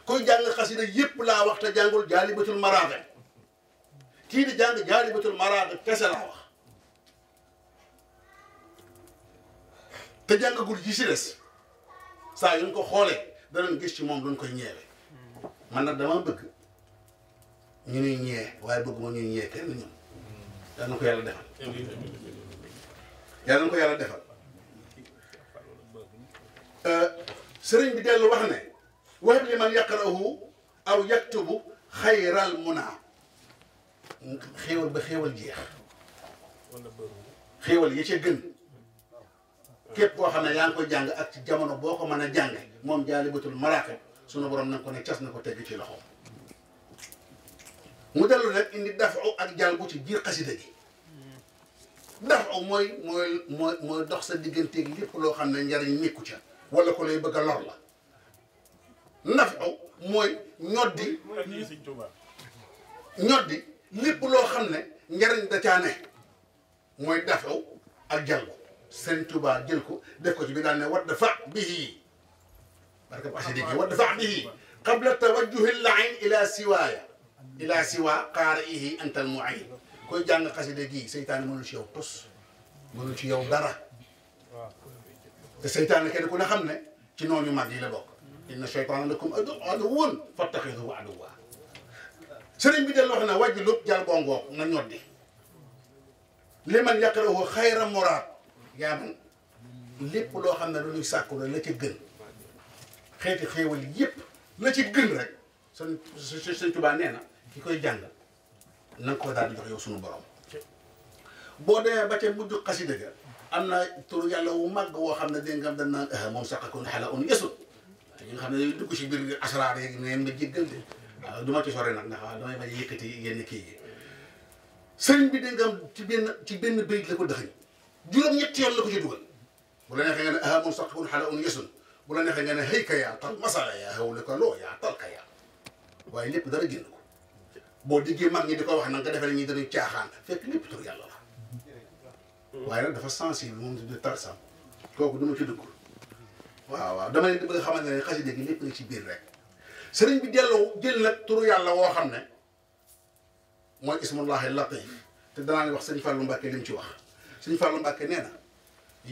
kuy jàng xaside yépp laa wax te jàngul jaalibatul maraaxem kii di jàng Jaalibatul Maraaqib kese la wax te jàngagul ji si des saa yu ñu ko xoolee danañ gis ci moom luñ koy ñeewe man nag dama bëgg ñu ñuy ñee waaye bëgguma ñuy ñee kenn ñun yal na ko yàlla defal yal na ko yàlla defal euh, sëriñ bi dellu wax ne wax li man yaqrahu aw yaktubu xayral munaa xéewal ba xéewal jeex xéewal yi ca gën képp koo xam ne yaa ngi ko jàng ak ci jamono boo ko mën a jàng moom jaalibatul maraaqib sunu borom na ko ne cas na ko tegg ci loxo mu dellu nag indi dafa ak jalbu ci biir xasida gi dafa mooy mooy mooy mooy dox sa digganteeg lépp loo xam ne njariñ nekku ca wala ko lay bëgg lor la naf aw mooy ñoddi ñoddi lépp loo xam ne njariñ da caa ne mooy dafaw ak jalgu seen Tuubaa jël ko def ko ci bi daal ne wat dafa bihi parce que parce que wat dafa bihi qabla tawajjuhi lain ila siwaaya ila siwa qaarihi antal muin koy jàng xasida gii seytaane mënul ci yow tos mënul ci yow dara te seytaane kenn ku ne xam ne ci noonu mag yi la bokk inna cheytaana lakum aduwwun fattaxiduhu aduwwa sëriñ bi delloo xam ne wàjju lu jal bongoog nga ñoddi li man yàqalewoo xayra moraat yaa man lépp loo xam ne lu ñuy sàkku la la ci gën xeeti xéewal yépp la ci gën rek sëñ sëñ Tuubaa nee na ki koy jàng na nga ko daal jox yow suñu borom boo demee ba ca mujj xasida ga am na turu yàlla wu màgg woo xam ne dégg nga dañ naan eh, moom sax akun xala un yesut ñu nga xam ne dugg si biir asraar yeeg neen nga jéggal de waaw du ma ci sore nag ndax waaw damay bañ yëkkati yenn kii yi sëriñ bi de nga ci benn ci benn bayit la ko dëxañ juróom-ñetti yoon ko ci dugal bu la neexee nga ne ah moom sax un xala bu la neexee nga ne xëy ka yaa tal masala yaa xew la ko loo yaa tal yaa waaye lépp dara génn ko boo diggee mag ñi di ko wax nag nga defee ñi dañuy caaxaan fekk lépp tur yàlla la waaye nag dafa sensible moom di tarsam kooku du ma ci dugg waaw waaw dama leen di ne xa gi lépp ci biir rek sëriñ bi delloo jël nag turu yàlla woo xam ne mooy ismullahi latif te danaa ne wax sëñ Fallou Mbacke li mu wax sëñ Fallou Mbacke nee na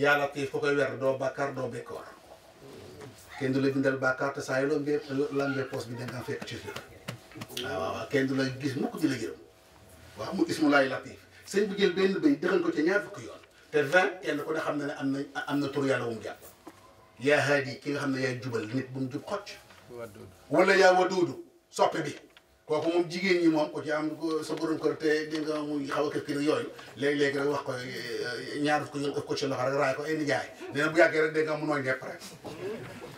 yaa latif foo koy wer doo bàkkaar doo bekkoor kenn du la bindal bàkkaar te saa yi poos bi danga fekk ci biir waaw waaw kenn du la gis mukk di la gërëm waaw mu ismullahi latif sëñ bi jël benn béy dëxal ko ci ñaar fukki yoon te vingt kenn ko ne xam ne ne am na am na tur yàlla wu mu jàpp yaa haadi ki nga xam ne yaay jubal nit bu mu jub xocc wala yaa waduudu soppe bi kooku moom jigéen yi moom ku ci am sa borom kër te di muy xaw a kër kii yooyu léegi-léegi rek wax ko eh, eh, ñaar ko yël ëpp ko ci loxo rek raay ko ay eh, nijaay nee na bu yàggee rek dégg nga mu nooy ñepp rek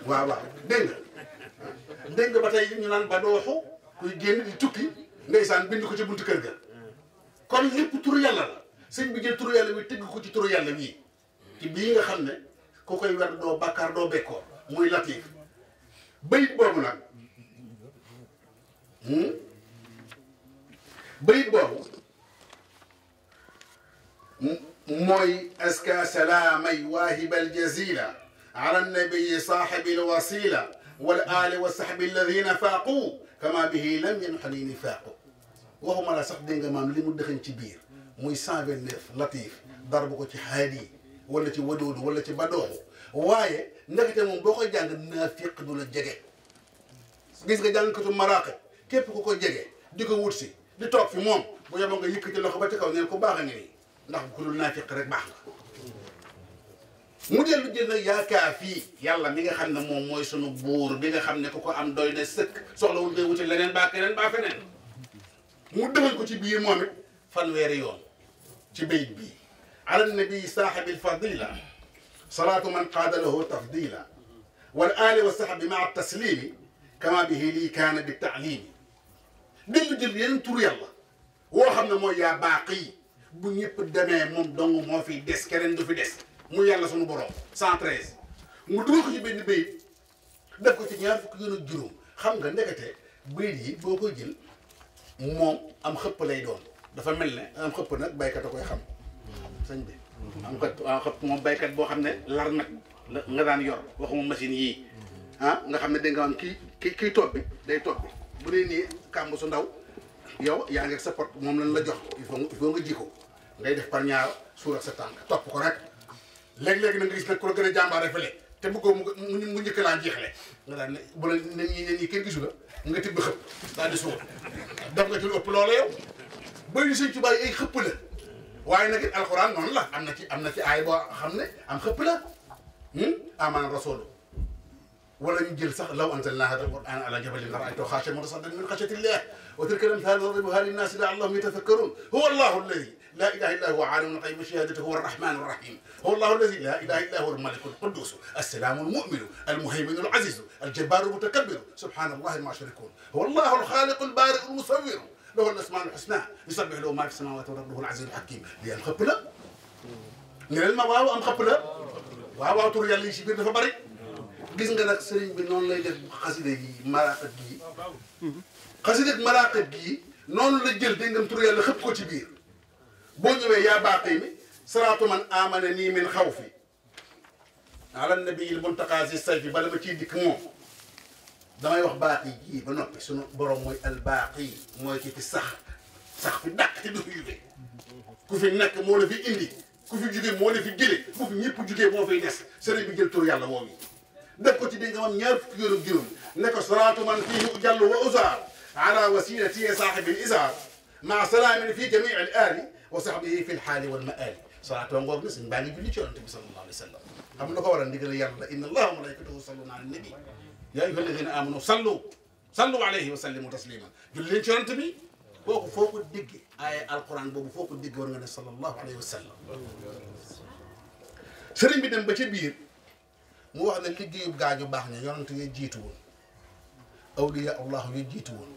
waaw ba tey ñu naan ba dooxu kuy génn bi tukki ndeysaan bind ko ci buntu kër ga kon lépp turu yàlla la sëñ bi jël turu yàlla bi tëgg ko ci turu yàlla bii ci bii nga xam ne ku koy wer doo bàkkaar doo bekkoo muy latiif bayit boobu nag hmm? bayit boobu mooy aska salaamay waahibal jazila ala nabiyi saaxibil wasila wal aali wa saxbi alladina faaqu kama bihi lam yanxali nifaaqu waxuma la sax dégg nga maam li mu dëxañ ci biir muy 129 latif darbu ko ci haadi wala ci wadoolu wala ci badooxu waaye ndekete moom boo ko jàng naafiq du la jege gis nga jàngkatu maraaqib képp ku ko jege di ko wut si di toog fi moom bu yeboo nga yëkkati loxo ba te kaw neen ko baax a ndax ku dul naafiq rek baax nga mu dellu jël nag fii yàlla mi nga xam ne moom mooy sunu buur bi nga xam ne ko am doy na sëkk soxlawul ngay leneen baa keneen baa mu dëmal ko ci biir moom it fanweeri yoon ci bayit bii ala nabi saaxibil fadila صلاة من قاد له تفضيلا والآل والصحب مع التسليم كما به لي كان بالتعليم dellu jël yeneen tur yàlla woo xam ne mooy yaa baaqi bu ñëpp demee moom dong moo fi des keneen du fi des mu yàlla sunu borom 113 mu dugal ko ci benn bayit def ko ci ñaar fukki yoon ak juróom xam nga ndekete bayit yi boo ko jël moom am xëpp lay doon dafa mel ne am xëpp nag béykat a koy xam sëñ bi am kat waaw moom baykat boo xam ne lar nag nga daan yor waxuma machine yii ah nga xam ne dégg nga am kii kii kii topp bi day topp bi bu dee nii kàmb su ndaw yow yaa ngi sa pot moom lañ la jox il faut nga ji ko ngay def par ñaar suur ak sa tànk topp ko rek léeg-léeg na nga gis nag ku la gën a jàmbaare fële te bëggoo mu mu njëkk laa jeexle nga daan ne bu la ne ñii ne ñii kenn gisu la nga tibb xëpp daal di suur def nga ci lu ëpp loola yow bëri sëñ ci bàyyi ay xëpp la waaye nag it alxuraan noonu la am na ci am na ci aay boo xam ne am xëpp la hmm? amaan rasulu wala ñu jël sax law anzalna hada alquran ala jabalin la raaytahu xaashi'an mutasaddian min xashyati llah wa tilka al-amthaalu nadribuha linnaasi la'allahum yatafakkarun huwa allahu alladi laa ilaha illa huwa aalimu l-ghaybi wash-shahaadati huwa arrahmaanu rrahiim huwa allahu alladi laa ilaha illa huwa almaliku alquddus assalaamu almu'minu almuhayminu alazizu aljabbaaru almutakabbiru subhaana allahi ammaa yushrikuun huwa allahu alxaaliqu albaari'u almusawwiru له الاسماء الحسنى يسبح له ما في السماوات والارض وهو العزيز الحكيم lii am xëpp la ñu ne ma waaw am xëpp la waaw waaw tur yàlla yi si biir dafa bari gis nga nag sëriñ bi noonu lay def xasida yi maraqib gii xasida maraqib gii noonu la jël dégg nga tur yàlla xëpp ko ci biir boo ñëwee yaa baaqi mi salaatu man amana nii min xawfi ala nabiyil muntaqa si sayfi bala ma ciy dikk moom damay wax baaqi jii ba noppi sunu borom mooy albaaqi mooy ki fi sax sax fi dàq te du fi jóge ku fi nekk moo la fi indi ku fi jóge moo la fi jële ku fi ñëpp jóge moo fay des sëriñ bi jël tur yàlla moom yi def ko ci di nga mam ñaar fukki yoonu juróom ne ko salaatu man fii jàll wa usaar ala wasilati saaxibil isaar maa salaamin fii jamii al aali wa sahbihi fi lxaali wal maali salaatu ngoog na suñ baa ngi julli ci yonante bi sallallahu alayhi wa sallam xam na ko war a ndigal yàlla inna allaha malaikatahu yusalluna ala nabi yaa ayyuha alladina amanu sallu sallu alayhi wa sallimu taslima julli leen ci yonent bi kooku foo ko déggee aaya boobu foo ko déggee war nga ne sallallahu alayhi wa sëriñ bi dem ba ca biir mu wax ne liggéeyub gaa ñu baax ña yonent yooyu jiitu woon awliya allah yooyu jiitu woon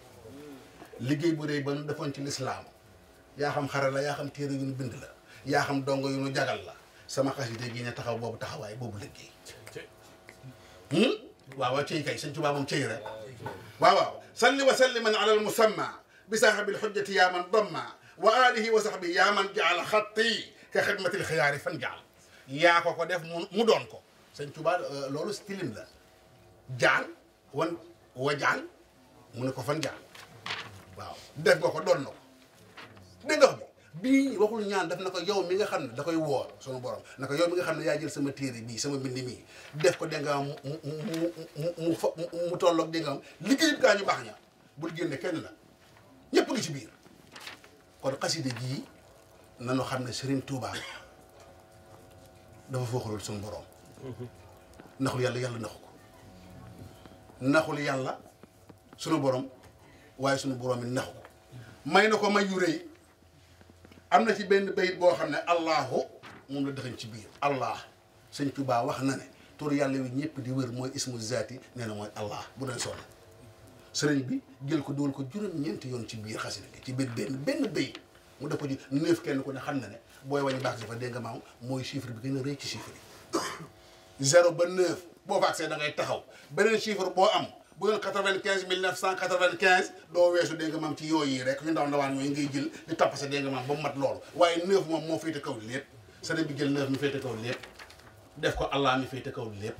liggéey bu rëy ba nu defoon ci lislaam yaa xam xare la yaa xam téere yu nu bind la yaa xam dongo yu nu jagal la sama xas xasida gi ne taxaw boobu taxawaay boobu liggéey hmm? waaw waaw cey kay sëñ Tuubaa moom cey rek waaw waaw salli wa salliman ala almusamma bi saaxibi alxujjati yaa man damma wa alihi wa sahbi yaa man jaala xatti ka xidmati alxiyaari fan jaal yaa ko ko def mu doon ko sëñ Tuubaa euh, loolu stilim la jaal wan wa jaal mu ne ko fan jaal waaw def nga ko doon na ko dégg nga ko bii waxul ñaan daf na ko yow mi nga xam ne da koy woor sunu borom na ko yow mi nga xam ne yaa jël sama téere bii sama mbind mii def ko dégg mu mu mu mu mu tolloog dégg nga liggéeyub gaa ñu baax ña bul génne kenn la ñëpp ngi ci biir kon xasida jii nanu xam ne Serigne Touba dafa fooxalul sunu borom. naxul yàlla yàlla naxu ko naxul yàlla sunu borom waaye sunu borom mi naxu ko may na ko may yu rëy. am na ci benn bayit boo xam ne allahu moom la dëxañ ci biir allah sëñ Tuubaa wax na ne tur yàlla wi ñëpp di wër mooy ismu zaati nee na mooy allah bu doon sonn sëriñ bi jël ko dugal ko juróom-ñeenti yoon ci biir xasida gi ci biir benn benn bayit mu def ko ci neuf kenn ku ne xam na ne booy wañ baax dafa dégg nga maam mooy chiffre bi gën a rëy ci chiffre yi zéro ba neuf boo fa agsee da taxaw beneen chiffre boo am bu doon quatre vingt quinze mille neuf cent quatre vingt quinze doo weesu dégg ci yooyu yi rek yu ndaw ndawaan yooyu ngay jël di topp sa ba mu mat loolu waaye neuf moom moo féete kaw lépp sëriñ bi jël neuf mi féete kaw lépp def ko allah mi féete kaw lépp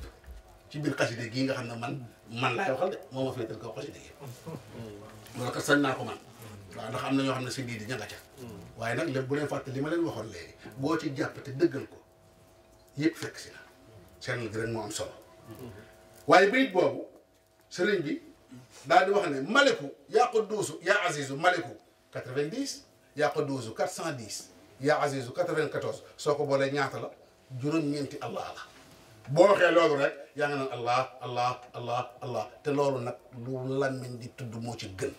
ci biir xaside gii nga xam ne man man laay waxal de moo ma féetal kaw xaside gi mm. loolu kat sañ naa ko man waaw ndax am na ñoo xam ne si lii di ña nga ca mm. waaye nag lépp bu leen fàtte li ma leen waxoon léegi boo ci jàpp te dëggal ko yëpp fekk si na seen gi mm. rek sëriñ bi daal di wax ne maliku yaa quduusu yaa azizu maliku 90 yaa quduusu 410 yaa azizu 94 soo ko boolee ñaata la juróom-ñeenti allah la boo waxee loolu rek yaa ngi naan allah allah allah allah te loolu nag lu làmmiñ di tudd moo ci gën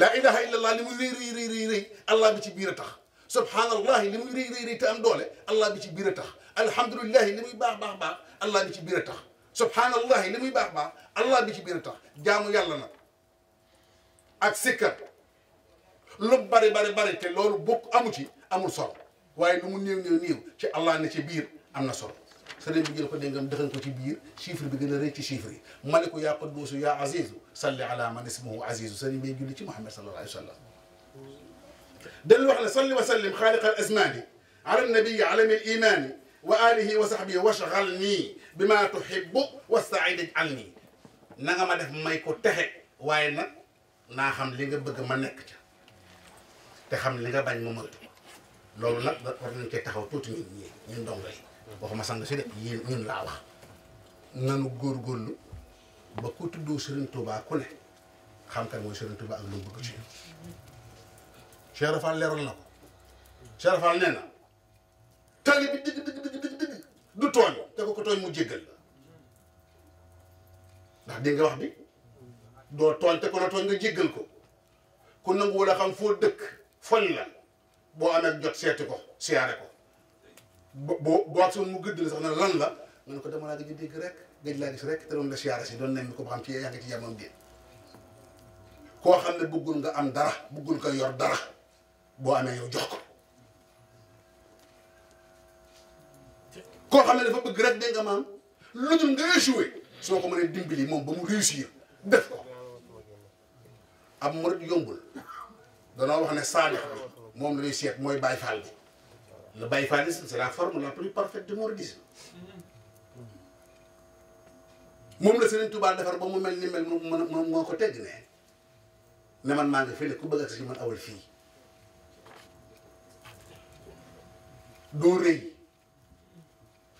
laa ilaha illallah li muy rëy rëy rëy rëy allah bi ci biir a tax subhaanallahi li muy rëy rëy rëy te am doole allah bi ci biir a tax alhamdulilahi li muy baax baax baax allah bi ci biir a tax subhaanallahi li muy baax baax allah bi ci biir tax jaamu yàlla na ak sikkar lu bari bari bari te loolu bokk amu ci amul solo waaye lu mu néew néew néew ci allah ne ci biir am na solo sëriñ bi jël ko déngam dëxan ko ci biir chiffre bi gën a rëy ci chiffre yi maliku yaa quduusu yaa azizu salli ala man ismuhu azizu sëriñ bi julli ci muhammad sallallahu alayhi wa sallam dañu wax ne salli wa sallim xaaliqal asmaani ala nabiyi alami al imaani wa alihi wa sahbihi washghalni bima tuhibbu wasta'id anni na nga ma def may ko texe waaye nag naa xam li nga bëgg ma nekk ca te xam li nga bañ ma moytu loolu nag war nañ taxaw tuuti ñun ñii ñun ndongo yi sang si de ñun laa wax góor góorgóorlu ba ku tuddoo Serigne Touba ku ne xam kan mooy Serigne Touba ak lu mu bëgg ci ñun Cheikh Rafal leeral na ko Cheikh Rafal nee na tali bi didi didi didi du tooñ te ko ko tooñ mu jéggal nga wax bi doo tooñ te nga jéggal ko ku nangu wala xam foo dëkk foñ la boo amee jot seeti ko siyaare ko boo boo ak soon mu gëdd la sax na lan la nga ne ko dama laa gëj a dégg rek gëj laa gis rek te doon la siyaare si doon nañ ko ba xam ci yaa ngi ci jamono bi koo xam ne bëggul nga am dara bëggul nga yor dara boo amee yow jox ko koo xam ne dafa bëgg rek dégg nga maam lu nga échoué soo ko mënee dimbali moom ba mu réussir def ko ab murit yombul danoo wax ne saalix bi moom la ñuy seet mooy Baye Fall bi le Baye Fallisme c'est la forme la plus parfaite du mouridisme moom la Serigne Touba defar ba mu mel ni mel moo ko tegg ne man maa ngi fii ne ku bëgg ak si man awal fii doo rëy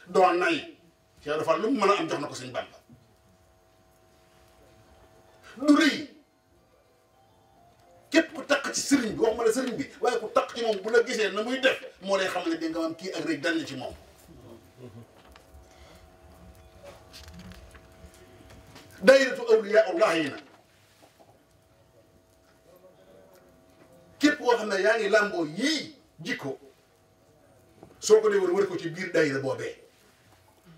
doo nay Cheikh Fall lu mu mën a am jox na ko sëñ Bàmba du rëy képp ku takk ci sëriñ bi waxuma la sëriñ bi waaye ku takk ci moom bu la gisee na muy def moo lay xam ne di nga am kii ak rëy dal ci moom dayratu awliyaa Allah yi na képp jikko soo ko dee war wër ko ci biir dayra boobee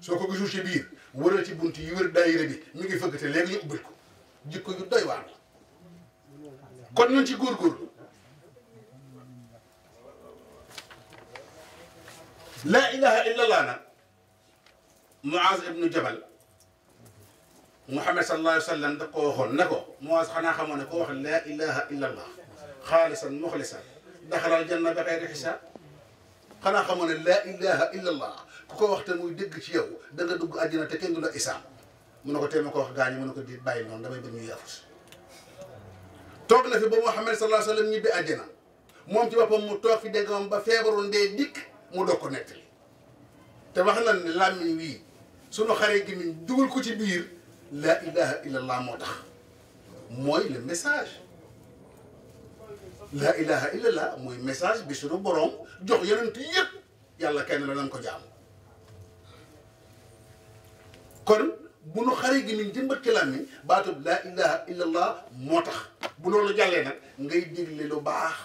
soo ko gisul ci biir wëral ci bunt yi wër daayira bi mi ngi fëgg te léegi ko jikko yu doy waar kon nañ ci góorgóorlu laa ilaha illa allah nag muaz ibnu jabal muhammad sallallahu alayhi wa ko waxoon ne ko muaz ne ko wax laa ilaha illa allah xaalisan muxlisan daxalal janna bi illa allah ku ko wax te muy dégg ci yow da nga dugg àjjana te kenn du la isaam mun na ko teel ma ko wax gaañ mun na ko di bàyyi noonu damay bañ ñuy yafus toog na fi ba Muhammad sallallahu alayhi wa moom ci boppam mu toog fi dégg moom ba feebaru ndee dikk mu ko nettali wax na ne làmmiñ wii sunu xare gi ko ci biir la moo tax mooy le message la ilaha illallah mooy message bi sunu borom jox yonent yëpp yàlla kenn la nañ ko jaamu kon bu nu xaree gi miñ jëmbat ci làmmiñ baatab laa ilaha illa moo tax bu loolu jàllee nag ngay digle lu baax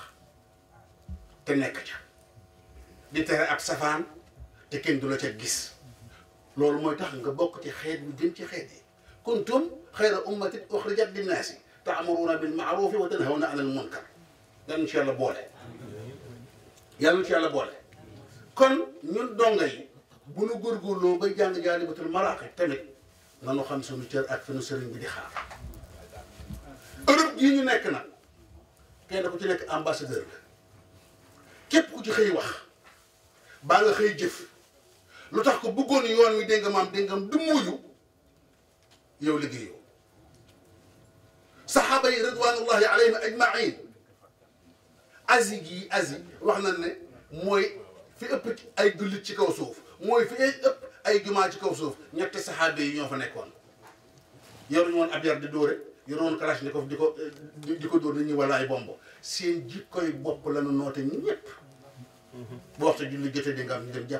te nekk ca di ak safaan te kenn du la ca gis loolu mooy tax nga bokk ci xeet yu jëm ci xeet yi kuntum xayra ummatin uxrijat linnaasi taamuruuna bil maarufi wa tanhawna anil munkar yàlla ci yàlla boole yàlla ci yàlla boole kon ñun donga yi bu nu góorgóorloo bay jàng jaalibatul maraaxib tamit nanu xam suñu cër ak fi nu sëriñ bi di xaar Europe ñu nekk na kenn ku ci nekk ambassadeur la képp ku ci xëy wax bal nga xëy jëf lu tax ko bëggoon yoon wi dégg nga maam dégg nga du muuyu yow liggéeyoo saxaaba yi ridwanullahi alayhim ajmain asi asi wax na ne mooy fi ëpp ay jullit ci kaw suuf mooy fi ay ëpp ay jumaa ci kaw suuf ñett saxaabe yi ñoo fa nekkoon yoruñu woon ab yar di dóore yoru woon kalachnikov di ko di ko dóor nit ñi wala ay bomb seen jikkoy bopp ñu noote ñëpp bu waxtu julli jotee di ñu dem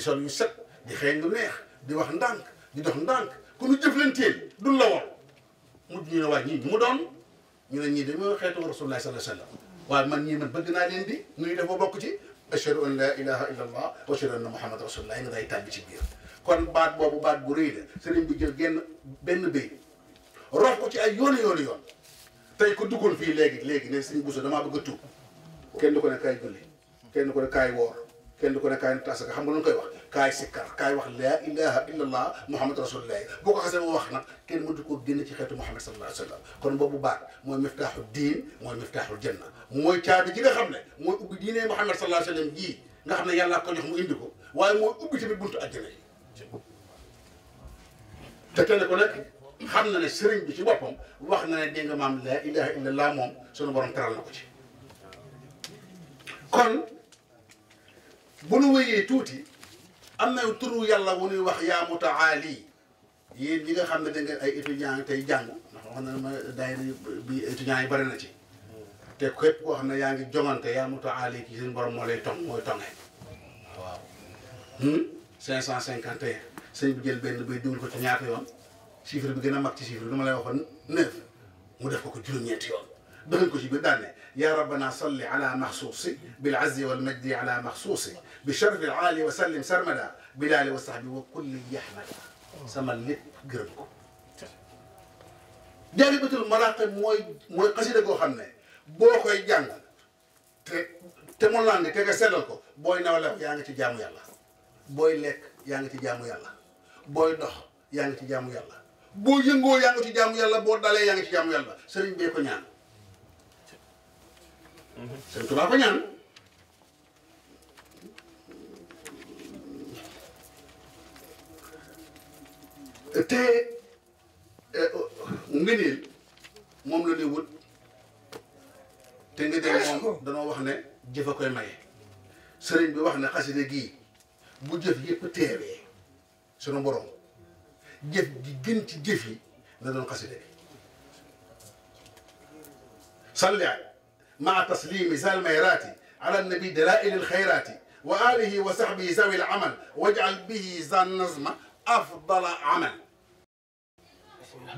sol yu set di xëy lu neex di wax ndànk di dox ndànk ku ñu jëflanteel duñ la war mujj ñu ne waa ñii ñu mu doon ñu ne ñii dañoo xeetu rasulullah sallallahu alayhi wa sallam waaye man ñii man bëgg naa leen di nuyu dafa bokk ci ashhadu an la ilaha illa allah wa ashhadu anna muhammad rasulullah nga day tàbbi ci biir kon baat boobu baat bu rëy la sëriñ bi jël genn benn béy rox ko ci ay yoonu yoonu yoon tey ko duggoon fii léegi léegi ne sëriñ Bousso damaa bëgg a tuub kenn du ko ne kaay julli kenn du ko ne kaay woor kenn du ko ne kaay tasaka xam nga lu ñu koy wax kaay sikkar kaay wax laa ilaha illa allah muhammad rasulullah boo ko xasee ba wax na kenn mënut koo génn ci xeetu muhammad sallallahu alayhi wa sallam kon boobu baat mooy miftaaxu diin mooy miftaaxu janna mooy caabi ji nga xam ne mooy ubbi diinee muhammad sallallahu alayhi wa xam ne yàlla ko jox bi indi ko waaye mooy ubbi tamit buntu àjjana yi te kenn ku nekk xam na ne sëriñ bi ci boppam wax na ne dégg nga maam laa ilaha illa allah moom sunu borom teral na ko ci kon bu nu tuuti am na turu yàlla wu ñuy wax yaa mutaali yéen yi nga xam ne da ngeen ay étudiants tey jàng ndax wax na ma daay bi étudiants yi bari na ci te képp koo xam yaa ngi jongante yaa mutaali ci seen borom moo lay tong mooy tonge waaw. 551 hmm? bi ko ci ñaata yoon chiffre bi gën a mag ci chiffre bi dama lay waxoon neuf mu def ko ko juróom-ñeenti yoon. dëgg ko ci biir daal ne yaa rabbana salli ala maxsuusi bil azzi wal majdi ala maxsuusi bi بشرف العالي وسلم سرمدا بلال وصحبي وكل يحمد sama lépp gërëm ko jaalibatul maraqib mooy mooy xasida goo xam ne boo koy jàng te te mu làng te nga ko booy nawle yaa ngi ci jaamu yàlla booy lekk yaa ngi ci jaamu yàlla booy dox yaa ngi ci jaamu yàlla boo yëngoo yaa ngi ci jaamu yàlla boo dalee yaa ngi ci jaamu yàlla sëriñ bee ko ñaan sëriñ Tuubaa ko ñaan te eh, ngëneel moom la ñuy wut te ngëneel moom danoo wax ne jëf a koy maye sëriñ bi wax ne xasida gii bu jëf yëpp teewee sunu borom jëf gi gën ci jëf yi na doon xasida bi صلى مع تسليم ذا الميرات على النبي دلائل الخيرات وآله وصحبه ذوي العمل واجعل به ذا النظم أفضل عمل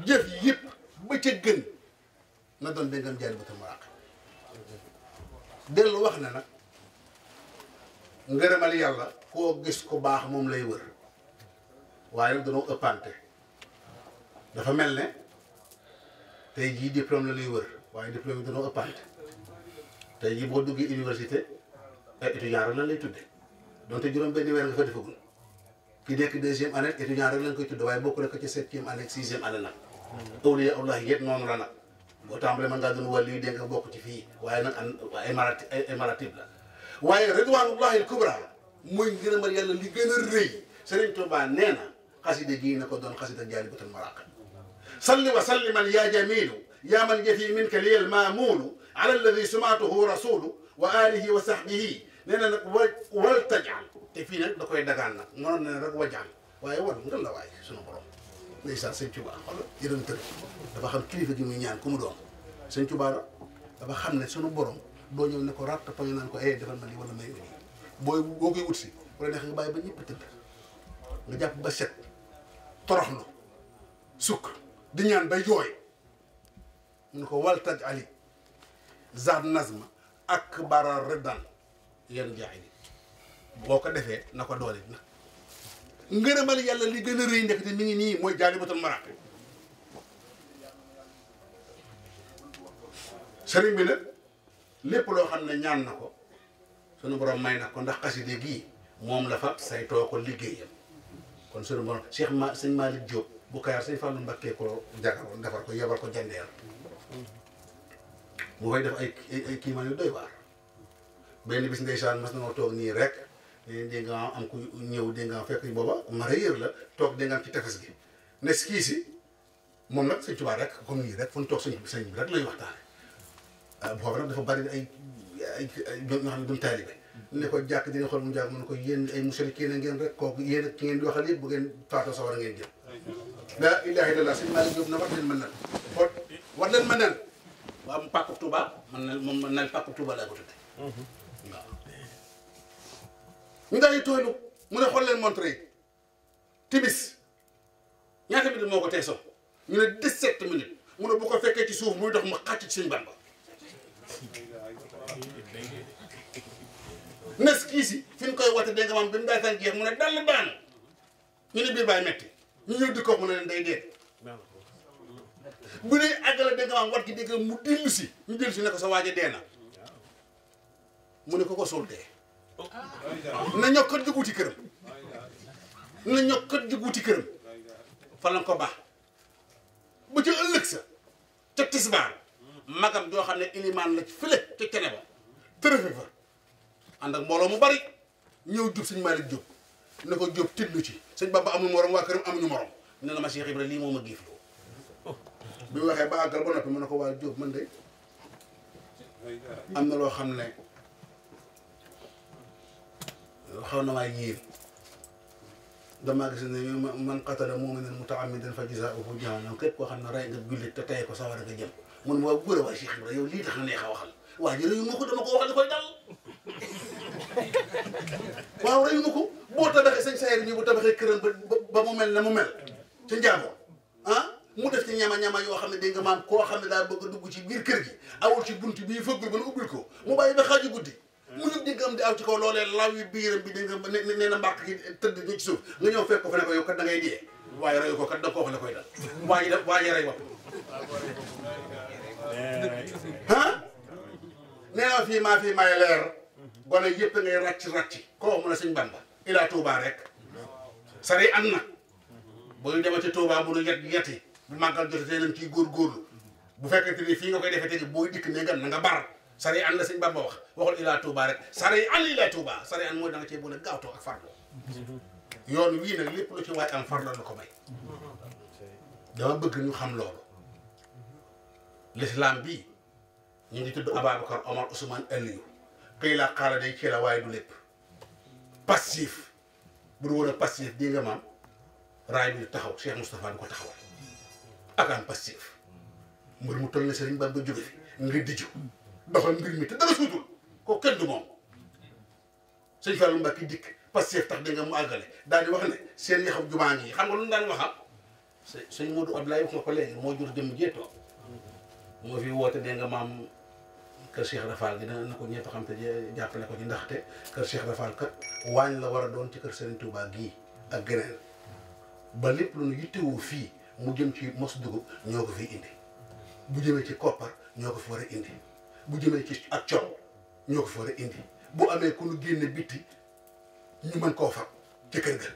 jëf yëpp ba ca gën na doon dëngam jaari ba ta mu wax na nag ngërëmal yàlla foo gis ku baax moom lay wër waaye nag danoo ëppante dafa mel ne tey jii diplôme la luy wër waaye diplôme yi danoo ëppante tey jii boo duggee université ay étudiant rek lay tudde donte juróom benn weer nga fa defagul ki nekk deuxième année étudiant rek lañ koy tudd waaye bokk rek ci septième année sixième année nag. awliya Allah yëpp noonu la nag. boo tàmbalee mën ngaa doon wàll yi dégg nga bokk ci fii waaye nag ay marati ay maratib la waaye ridwanullahi al kubra mooy ngërëmal yàlla li gën a rëy Serigne Touba nee na xasida gii na ko doon xasida jaali bu tan maraq salli wa salliman yaa jamilu yaa man jafi te fii nag da koy dagaan nag mënoon na rek wajaan waaye wan nga la waaye sunu borom. ndeysaan sëñ Tuubaa xool yërëm tër dafa xam kilifa gi ñaan ku mu doon sëñ Tuubaa dafa xam ne sunu borom boo ñëw ne ko ràtt poñ naan ko eh defal ma nii wala may lii booy boo koy wut si wala neex nga bàyyi ba ñëpp tëdd nga jàpp ba set toroxlu sukk di ñaan bay jooy mu ne ko waltaj ali nas ma ak bara redan yan jaay boo ko defee na ko doole na ngërëmal yàlla li gën a rëy ndekete mi ngi nii mooy jaalibatul maraaq sëriñ bi lépp loo xam ne ñaan na ko sunu borom may na ko ndax xaside gii moom dafa fa saytoo ko liggéeyam kon sunu borom Cheikh ma sëñ Malick Diop bu Kayaar sëñ Fallou Mbakke ko jagaroon defar ko yebal ko jandeer mu fay def ay ay kiimaan yu doy waar benn bis ndeysaan mas na noo toog nii rek Eh, dégg nga am ku ñëw dégg nga fekk booba mara yër la toog de nga ci tefes gi ne kii si moom nag sëñ Tuubaa rek ko nii rek fu ñu toog sëñ sëñ bi rek lay waxtaane ah, dafa bari ay ay ñoo xam ne duñ taalibe ne ko jàkk dina xool mu jàkk mu ne ko yéen ay musal kii na ngeen rek kooku yéen ak ki ngeen di waxal yëpp bu ngeen faatoo sa war a ngeen jëm laa ilaaha illallaah sëñ Maalik Jóob na war leen mën nan xool war leen mën nan waaw mu pàkk Tuubaa man na moom mën na pàkk Tuubaa laa ko tudde Ndiaye tooñu mu ne xool leen montre yi timis ñaata minutes moo ko teesoo ñu ne 17 minutes mu ne bu ko fekkee ci suuf muy dox ma xàcc ci suñ si fi koy wate dégg nga maam bi mu daa ne dall baan ñu ne biir baay metti ñu ñëw di ko mu ne leen day dee bu dee àggale dégg nga maam wat gi dégg mu dillu si ñu dillu si ne ko sa waaje dee na mu ne ko ko suul na ñokkat juguti këram na ñokkat juguti këram fa lañ ko baax ba ca ëllëg sa ca tisbaar magam joo xam ne ilimaan la ci fële ca cene ba tërëfe fa ànd ak mbooloo mu bari ñëw jub sëñ Malick Diop na ko Diop tidlu ci sëñ Bamba amul morom waa këram amuñu morom ne na ma Cheikh Ibra lii moom a giif loo bi mu waxee ba àggal ba noppi mu ne ko waa Diop man de am na loo xam ne xaw na maa yéem damaa gis ne man qatala mu'minan muta'ammidan fa jazaa'uhu jahannam képp koo xam ne rey nga jullit te tey ko a nga jëm mun ma waa góor a waay Cheikh Ibrahima yow lii tax na neex a waxal waa ji reyu ma ko dama ko waxal koy dal waaw reyu ma ko boo tabaxee sañ sayer ñi bu tabaxee këram ba ba mu mel na mu mel ca njaamoo ah mu def ci ñama ñama yoo xam ne dégg nga maam koo xam ne daa bëgg a dugg ci biir kër gi awul ci bunt bii fëggul ba nu ubbil ko mu bàyyi ba xaaju guddi mënul diggam di aw ci kaw loolee law yi biiram bi dégg nga ne na mbàq gi tëdd ni ci suuf nga ñëw fekk ko fa ne ko yow kat da ngay diyee waaye rayu ko kat da yëpp ngay ràcc-ràcc koo mun a sëñ Bamba ilaa Touba rek sari am na booy demati Touba bu nu yet yeti bu màggal jotee nañ ciy góorgóorlu bu koy defee tegi dikk ne na nga bar sare an la sëñ Bamba wax waxul ilaa Touba rek sare an ilaa Touba sare mooy da nga cee boole gaawtoo ak farlo yoon wii nag lépp lu ci waay am farlo la ko may dama bëgg ñu xam loolu l'islam bii ñu ngi tudd Ababacar Omar Ousmane Aliou këy laa xaala day ci la waaye du lépp passif bu du woon a passif di maam raay bi taxaw Cheikh Moustapha du ko taxawal ak am passif mbir mu toll na Sëriñ Bamba jóge fi nga dijju doxal mbir mi te dara suutul ko kenn du moom sëñ Fallou Mbacke dikk parce que tax da nga mu àggale daal di wax ne seen yaxam jumaa ngi xam nga lu mu daan waxam sëñ Modou Abdoulaye wax nga ko léegi moo jur jëm jeetoo moo fi woote dégg nga maam kër xam te jàppale ko ci ndaxte kër Cheikh Rafal kat waañ la war a doon ci kër Serigne Touba gii ak lépp lu nu fii mu jëm ci mos dugub ñoo ko fi indi bu jëmee ci koppar ñoo ko fi war a indi bu jëmee ci ak coow ñoo ko fa war a indi boo amee ku nu génne bitti ñu mën koo fab ca kër ga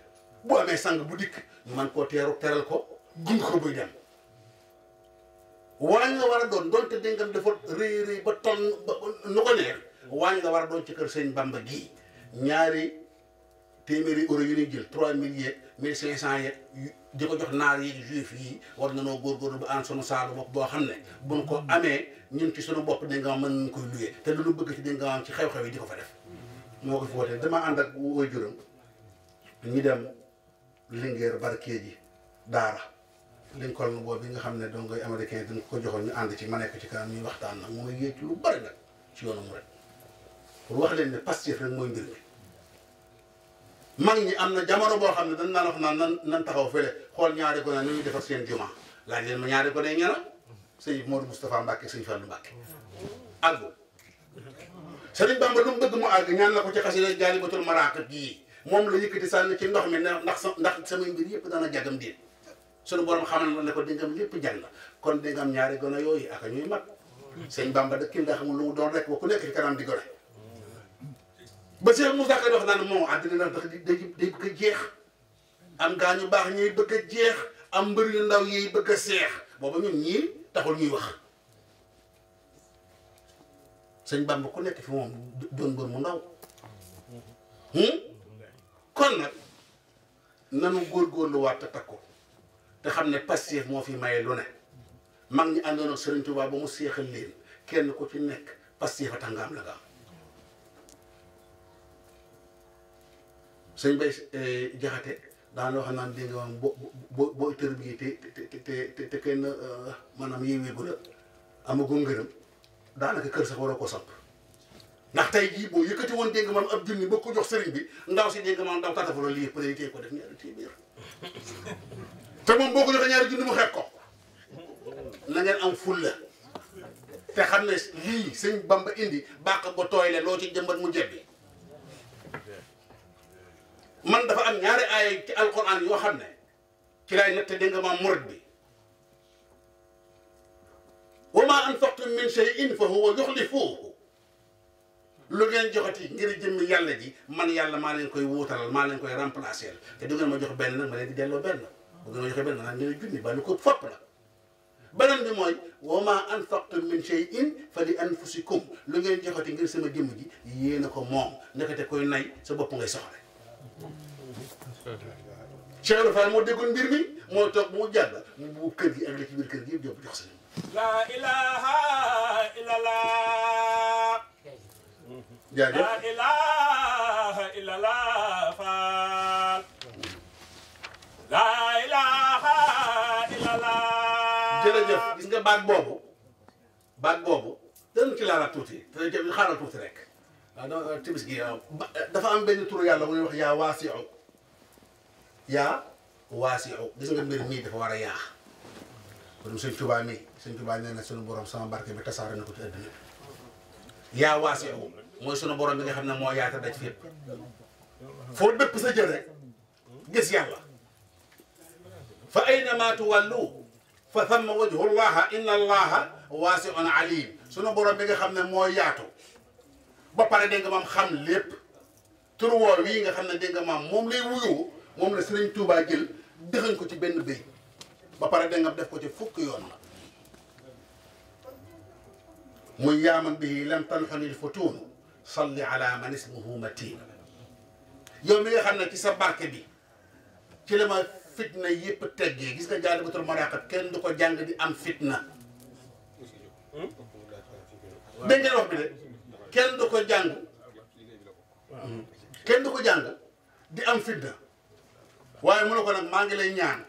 bu amee sang bu dikk man koo teeru teral ko gunge ko buy dem waañ la war a doon doonte déngam dafa rëy rëy ba ton ba nu ko neex waañ la war a doon ci kër sëñ Bamba gii ñaari téeméeri euro yu ñuy jël trois mille yeeg mille cinq di ko jox naar yi juif yi war na noo góorgóorlu ba am sunu saalu bopp boo xam ne buñ ko amee ñun ci suñu bopp dinga nga mën nañ koy luyee te lu ñu bëgg ci di nga ci xew-xew yi di ko fa def moo ko fi wootee dama ànd ak woy juróom ñu dem Linguère barkee ji daara Lincoln boobu bi nga xam ne dongoy américain dañ ko joxoon ñu ànd ci ma nekk waxtaan nag mooy yéeg ci lu ci yoonu wax leen ne Pastef rek mooy mbir mi mag ñi am na jamono boo xam ne dañ naan wax naan nan ñaari gone nu ñuy defar seen juma laa leen ma ñaari gone ñe la sëñ Modou Moustapha Mbacke sëñ Fallou Mbacke àggu Sëriñ Bamba lu mu bëgg mu àgg ñaan la ko ci xasida Jaalibatul Maraaqib ji moom la yëkkati sànni ci ndox mi ndax ndax samay mbir yëpp dana jagam diin sunu borom xamal na ne ko dingam lépp jàng la kon dingam ñaari gone yooyu ak ñuy mag sëñ Bamba dëkk nga xamul lu mu doon rek ba ku nekk ci kanam di gone ba mu Moussa Ka wax naan moom àddina daal dafa day bëgg a jeex am gaa ñu baax ñiy bëgg a jeex am mbër yu ndaw yiy bëgg a seex booba ñun ñii taxul ñuy wax sëñ Bamba ku nekk fi moom doon mbër mu ndaw hmm? kon nag nanu góorgóorluwaat te takku te xam ne Pastef moo fi maye lu ne mag ñi àndoon ak Serigne Touba ba mu seexal leen kenn ku ci nekk Pastef a tax nga am la nga sëñ Bay eh, Jaxate daan loo xam naan dégg nga bo bo boo tër bii te te te te kenn eh, maanaam yéwee bu la amagum ngërëm daanaka kër sax waroo ko samp ndax tey jii boo yëkkati woon dégg man ab junni ba ko jox sëriñ bi ndaw si dégg man daw katafu la lii priorité ko def ñaari téeméer te moom boo ko joxee ñaari junni mu xeeb ko na am fulla te xam ne lii sëñ Bamba indi bàq ba tooy le loo ci jëmbat mu jebbi man dafa am ñaari aaya ci alquran yoo xam ne ci laay nette dégg nga ma murid bi wa maa anfaqtum min shay'in fa huwa yuxlifuhu lu ngeen joxati ngir jëmmi yàlla ji man yàlla maa leen koy wuutalal maa leen koy remplacer te du ngeen ma jox benn nag ma leen di delloo benn bu ngeen ma joxee benn nag ngeen junni ba lu ko fopp la beneen bi mooy wa maa anfaqtum min shay'in fa li ngeen joxati ngir sama jëmm ji yéen a ko moom nekkate koy nay sa bopp ngay soxla Cheikh Ibra Fall moo déggoon mbir mi moo toog mu jàll mu kër gi ak li ci biir kër gi yëpp la ilaha illallah la ilaha illallah Fall la ilaha illallah jërëjëf baat boobu baat boobu danañ ci tuuti te xaaral tuuti rek waaw ah, euh, timis gi euh, euh, dafa am benn turu yàlla bu ñuy wax yaa waasiu yaa waasiu gis nga mbir dafa war a yaax kon sëñ Tuubaa mii sëñ Tuubaa nee na sunu borom sama barke bi tasaare na ko ci àdduna yaa waasiu mooy sunu borom bi nga xam ne moo yaata daj fépp foo dëpp sa jël rek gis yàlla fa ma tuwallu fa thamma wajhu llaha inna allaha waasiun alim sunu borom bi nga xam ne moo yaatu ba pare dégg nga maam xam lépp tur woow wii nga xam ne dégg nga maam moom lay moom la Sëriñ Tuubaa jël dëxañ ko ci benn béy ba pare dégg nga def ko ci fukk yoon la muy yaaman bi lam tanxanil futuun salli ala man ismuhu matin yow mi nga xam ne ci sa barke bi ci la ma fitna yëpp teggee gis nga jaalibatul maraqib kenn du ko jàng di am fitna hmm? dégg ngeen wax bi de kenn du ko jàng kenn du ko jàng di am fitna waaye mu ne ko nag maa ngi lay ñaan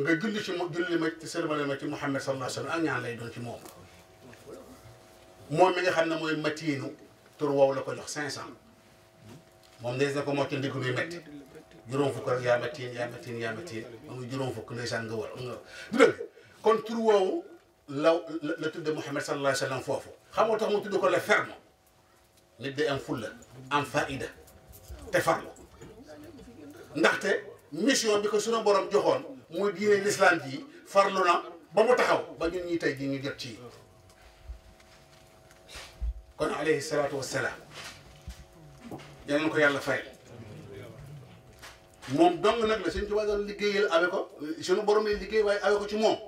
nga julli ci mu julli ma ci ma ci Muhammad sallallahu alayhi wa sallam ñaan lay doon ci moom moom mi nga xam ne mooy matiinu tur woowu la ko jox cinq cent moom des na ko moo ci ndigg luy métti juróom fukk rek yaa matiin yaa matiin yaa matiin moom juróom fukk ndeysaan nga war du dëgg kon tur woowu la la Muhammad sallallahu alayhi foofu xamoo tax mu tudd ko le ferme nit day am fulla am faida te farlu ndaxte mission bi ko sunu borom joxoon muy diine lislaam ji farlu na ba mu taxaw ba ñun ñi tey ji ñu jot ci kon alayhi salaatu wassalaam yal ko yàlla fayal moom dong nag la suñ tubaab doon liggéeyal awe ko sunu borom lay liggéey waaye awe ko ci moom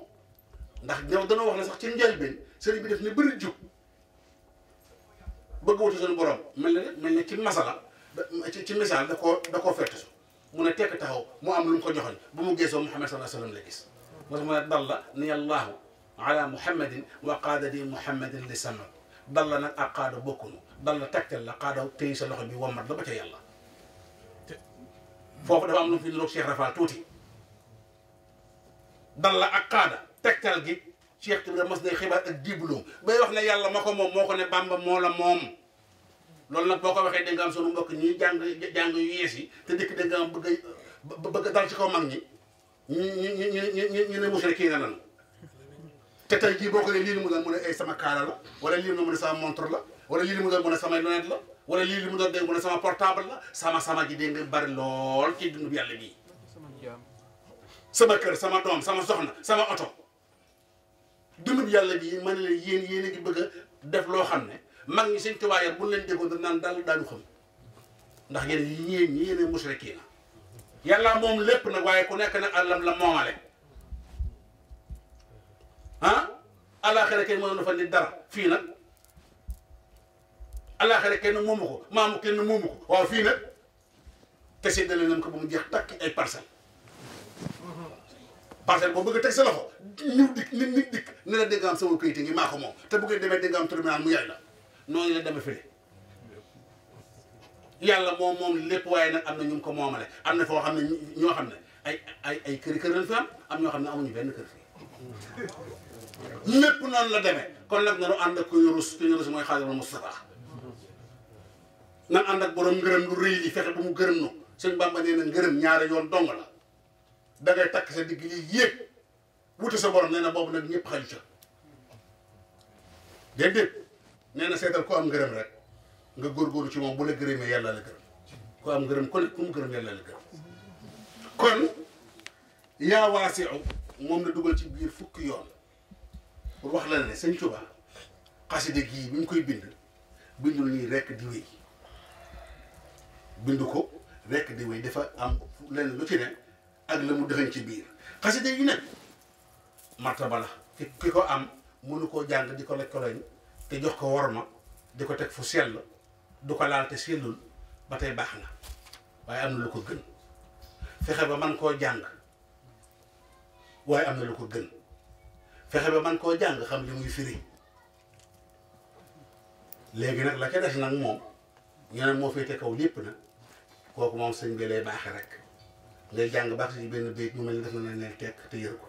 ndax ñoom dañoo wax ne sax ci njëlbeen sëriñ bi def ne bëri jub bëgg wuti suñu borom mel mel na ci masala ci ci misaal da koo da koo fett su mun a taxaw mu am lu mu ko joxoñ bu mu geesoo Muhammad sallallahu alayhi wa sallam la gis moo tax mu ne dalla ni allahu ala muhammadin wa qaada di muhammadin li samad dalla nag ak qaada bokkunu dalla tegtal la qaada téy sa loxo bi wommat la ba ca yàlla foofu dafa am lu mu fi niroog Cheikh Rafal tuuti dalla ak qaada tegtal gi Cheikh Ibra mas na xibaar ak dibloo bay wax ne yàlla ma ko moom moo ko ne Bàmba moo la moom loolu nag boo ko waxee da nga am sunu mbokk ñuy jàng jàng yu yees yi te dikk da nga am bëgg bëgg dal ci mag ñi ñu ñu ñu ñu ñu ne mosule kii na nan te tey jii boo ko nee lii li mu doon mën a ay sama kaala la wala lii li mu doon a sama montre la wala lii li mu doon mën a samay lunette la wala lii li mu doon dégg sama portable la sama sama ji dégg nga bari lool ci dundu yàlla bii sama kër sama doom sama soxna sama oto dumut yàlla ji ma ne la yéen yéen a bëgg def loo xam ne mag ñi seen tubaab yar bu leen déggoon dañ naan daal daañu xam ndax yéen yéen ñi yéen a musrikiina yàlla moom lépp nag waaye ku nekk nag àllam la moomale ah alaaxira kenn mënoon fa ni dara fii nag alaaxira kenn moomu ko maamu kenn moomu ko waaw fii nag te séddale nañ ko ba mu jeex takk ay parcelles. parcelle boo bëgg a teg sa loxo nit dikk nit nit dikk ne la dégg nga am sama kayit ngi maa ko moom te bu ngeen demee dégg am tribunal mu yàlla la noonu la demee fële yàlla moom moom lépp waaye nag am na ñu ko moomale am foo xam ne ñoo xam ne ay ay kër kër lañ fi ñoo xam ne amuñu benn kër fii lépp la demee kon nag nanu ànd ak ku ñu rus ku ñu rus mooy Xaadimu Mustafaa nan ànd ak borom ngërëm lu rëy li fexe bu mu gërëm nu sëñ bamba nee na ngërëm ñaari yoon dong la da ngay takk sa digg yi yéeg wuti sa borom nee na boobu nag ñëpp xaju ca déedéet nee na seetal ku am ngërëm rek nga góorgóorlu ci moom bu la gërëmee yàlla la gërëm ku am ngërëm ku ne ku mu gërëm yàlla la gërëm kon yaa moom la dugal ci biir fukki yoon pour wax la ne sëñ Tuba xaside gii bi ñu koy bind bindul nii rekk di wéy bind ko rekk di wéy dafa am lenn lu ci ne ak la mu dëxëñ ci biir xasida yi nag martaba la ki fi ko am mënu koo jàng di ko lekk te jox ko worma di ko teg fu sell du ko laal te sellul ba tey baax na waaye am na lu ko gën fexe ba man koo jàng waaye am na ko gën fexe ba man koo jàng xam li muy firi léegi nag la ca des nag moom ñu moo féete kaw lépp na kooku moom sëñ bi lay baaxe rek ngay jàng baax si benn béy mu mel ni def na ne tekk te yër ko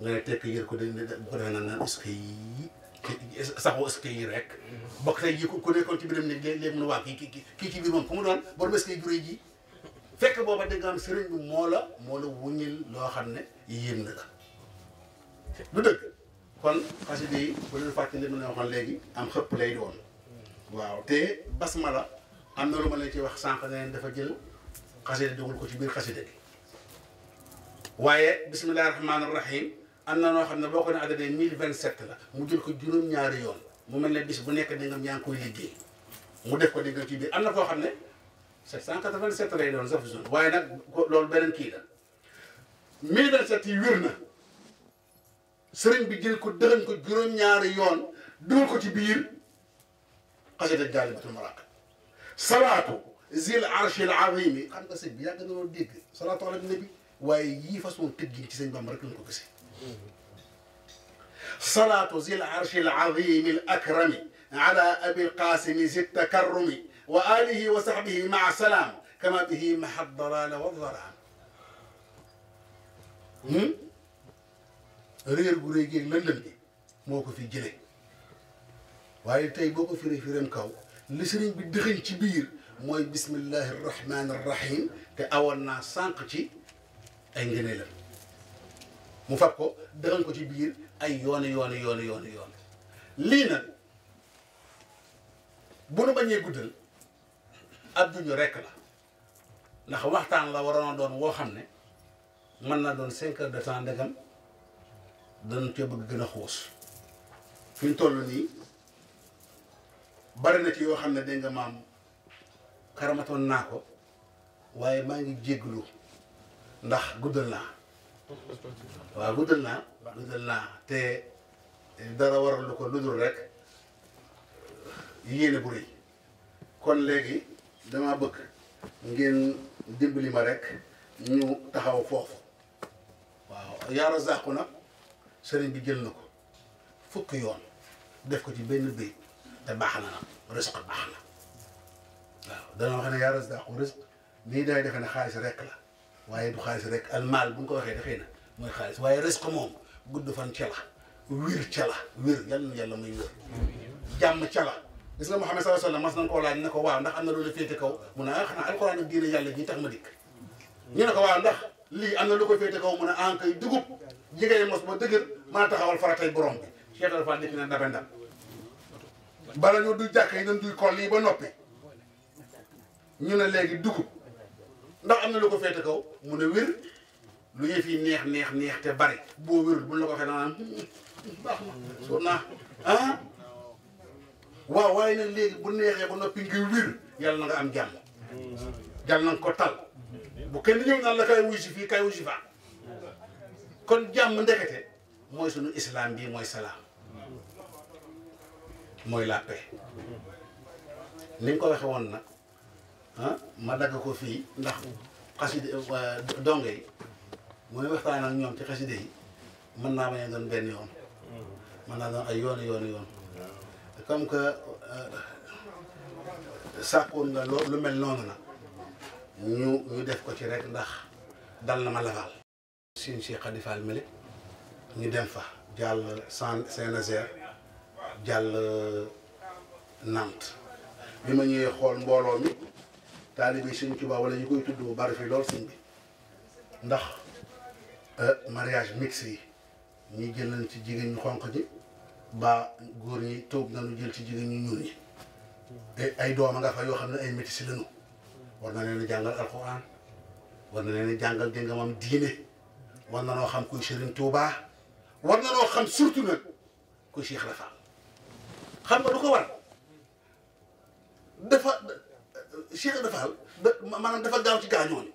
nga ne tekk yër ko de bu ko defee naan naan rek. bokk tey jii ku nekkoon ci biiram ne léeg-léeg mu ne waa kii kii kii ci moom ku mu doon borom est-ce que yu juree ji fekk booba nga moo la moo la wuññil loo xam ne yéem na la lu dëgg kon xasida yi bu leen fàtte ne mën na léegi am xëpp lay te basmala am na lu ma leen ci wax sànq ne dafa jël. xasida dugal ko ci biir xasida gi waaye bisimilah rahmaani rahim am na noo xam ne boo ko ne addadee mille vingt sept la mu jël ko juróom-ñaari yoon mu mel ne bis bu nekk da nga ñaa ngi koy liggéey mu def ko di nga ci biir am na foo xam ne sept cent quatre vingt sept lay doon saf zone waaye nag loolu beneen kii la mille vingt sept yi wér na sëriñ bi jël ko dëxañ ko juróom-ñaari yoon dugal ko ci biir xasida Jaalibatul Maraqib salaatu zil arshil azimi xam nga sëñ bi yàgg na doon dégg salaatu ala nabi waaye yii façon tëj gi ci sëñ Bamba rek lañ ko gisee salaatu zil arshil azimi al akrami ala abil qasimi zi takarrumi wa alihi wa sahbihi maa salaam kama bihi maha dalala wa dalaam hmm? réer gu réy géeg lëndëm bi moo ko fi jële waaye tey boo ko firee firam kaw li sëriñ bi dëxëñ ci biir mooy bismillahi rahmaani rahim te awoon naa sànq ci ay ngëneelam mu fab ko dëxañ ko ci biir ay yooni yooni yooni yooni yoon lii nag bu nu bañee guddal ab rekk la ndax waxtaan la waroon a doon woo xam ne mën naa doon cinq de temps ndegam dañ cee gën a xuus fi ñu toll nii bari na ci yoo xam ne dégg nga maam xaramatoon naa ko waaye maa ngi jégalu ndax guddal naa waaw guddal naa guddal naa te dara waral lu ko lu dul rek yéene bu rëy kon léegi damaa bëgg ngeen dimbali ma rek ñu taxaw foofu waaw yaara zàqu nag sëriñ bi jël na ko fukki yoon def ko ci benn béy te baax na nag risque baax na waaw danoo xam ne yaa rasdaqu risq lii day defe ne xaalis rek la waaye du xaalis rek almaal bu ñu ko waxee dafay na mooy xaalis waaye risq moom gudd fan ca la wir ca la wir yàlla na yàlla la gis nga Muhammad sallallahu alayhi wasallam mas nañ koo na loolu féete kaw mu ne ah xanaa alxuraan ak diine yàlla tax ma dikk ñu ne ko waaw ndax lii am na loo ko féete kaw mu ne en ah, kay dugub jigéen yi mos ba dëgër mën a taxawal faratay borom bi Cheikh Alpha dikk na dabe ndam bala ñu du jàkk yi dañ duy koll yi ba noppi ñu ne léegi dugub ndax am na lu ko féete kaw mu ne wér lu yëf yi neex neex neex te bari boo wérul na soo naa ah bu neexee ba noppi nga wér yàlla na nga am jàmm jàll na ko tal bu kenn ñëw naan la kay wuy fii kay wuy si kon jàmm ndekete mooy sunu islam bii mooy salaam mooy la paix ko waxee woon na ma dagg ko fii ndax xaside euh, donge yi mooy waxtaan ak ñoom ci xaside yi mën naa bañ a doon benn yoon mm-hmm. mën naa doon ay yoon yoon yoon comme que euh, sàkkoon nga loo lu mel noonu na ñu ñu def ko ci rek ndax dal na ma lafaal sin si xadifaal meli ñu dem fa jàll Saint-Nazaire jàll euh, Nantes bi ma ñëwee xool mbooloo mi taalibe Sëñ Tuubaa wala ñu koy tudd bu bari fi lool sëñ bi ndax euh, mariage mixte yi ñi jël nañ ci jigéen ñu xonq ji ba góor ñi toog nañu jël ci jigéen ñu ñuul ñi te ay doom nga fa yoo xam ne ay métis lañu war na leen jàngal alxuraan war na leen jàngal dégg nga moom diine war na noo xam kuy Sëriñ Tuubaa war na noo xam surtout nag kuy Cheikh Rafa xam nga du ko war dafa. Cheikh Ibra Fall da maanaam dafa gaaw ci gaañooñu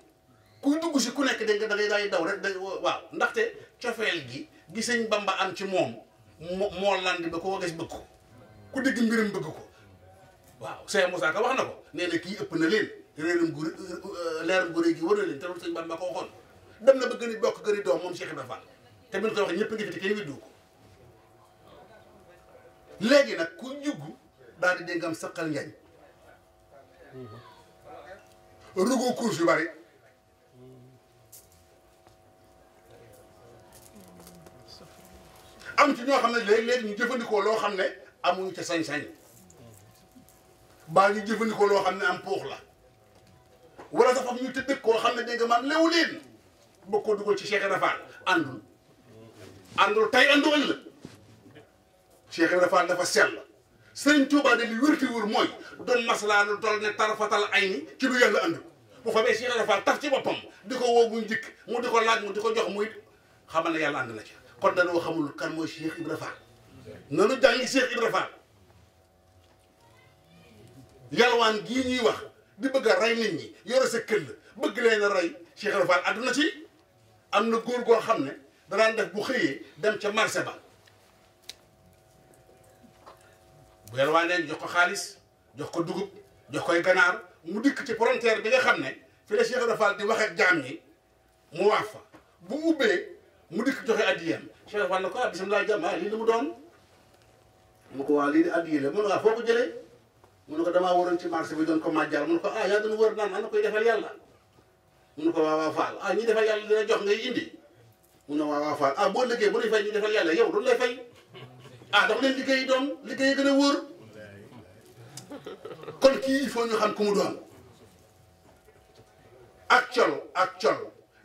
kuy dugg si ku nekk dégg nga da ngay daay daw rek da waaw ndaxte cofeel gi gi sëñ Bamba am ci moom moo moo ba koo gis bëgg ko ku dégg mbiram bëgg ko waaw Cheikh Moussa wax na ko nee na kii ëpp na leen réeram gu euh, leeram gu rëy gi war na leen te loolu sëñ Bamba ko waxoon dem na ba gën a bokk gën a doom moom Cheikh Ibra Fall te bu ñu koy waxee ñëpp a ngi fi te kenn weddu ko léegi nag ku jugg daal di dégg am saqal njañ rugoo course yu bari am ci ñoo xam ne léeg-léeg ñu jëfandikoo loo xam ne amuñ ca sañ-sañ baa ñu jëfandikoo loo xam ne am puux la wala dafa am ñu tëdd koo xam ne dégg nga maam lewu leen ci Cheikh Rafal àndul àndul tey àndul ëllëg Cheikh Rafal dafa sell sëriñ Tuubaa de li wérti wër mooy doon maslaa lu dol ne tarafatal ay ni ci lu yàlla ànd bu fa bee si dafa taf ci boppam di ko woo bu njëkk mu di ko laaj mu di ko jox muy xamal na yàlla ànd na ci kon dañoo xamul kan mooy Cheikh Ibra Fall nanu jàngi Cheikh Ibra Fall yalwaan gii ñuy wax di bëgg a rey nit ñi yore sa këll bëgg leen a rey Cheikh Ibra Fall ci am na góor goo xam ne danaan def bu xëyee dem ca marché ba bu yalwaanee jox ko xaalis jox ko dugub jox koy ganaar mu dikk ci frontière bi nga xam ne fi la Cheikh Ibra Fall di waxee ak jaam ñi mu wax fa bu ubbee mu dikk joxe addiyam Cheikh Fall ne ko ah bisimilah jàmm ah lii doon mu ko waa lii di addiye la mun jëlee mu ne ko damaa waroon ci marché bi doon ko màjjal mu ne ko ah yaa doon wër naan ana koy defal yàlla mu ko waa waa Fall ah ñi yàlla jox ngay indi mu ne waa waa Fall ah boo liggéey bu lay fay ñu yàlla yow duñu lay ah dafa leen liggéey doon liggéey gën a wóor kon kii il faut ñu xam ku mu doon ak col ak col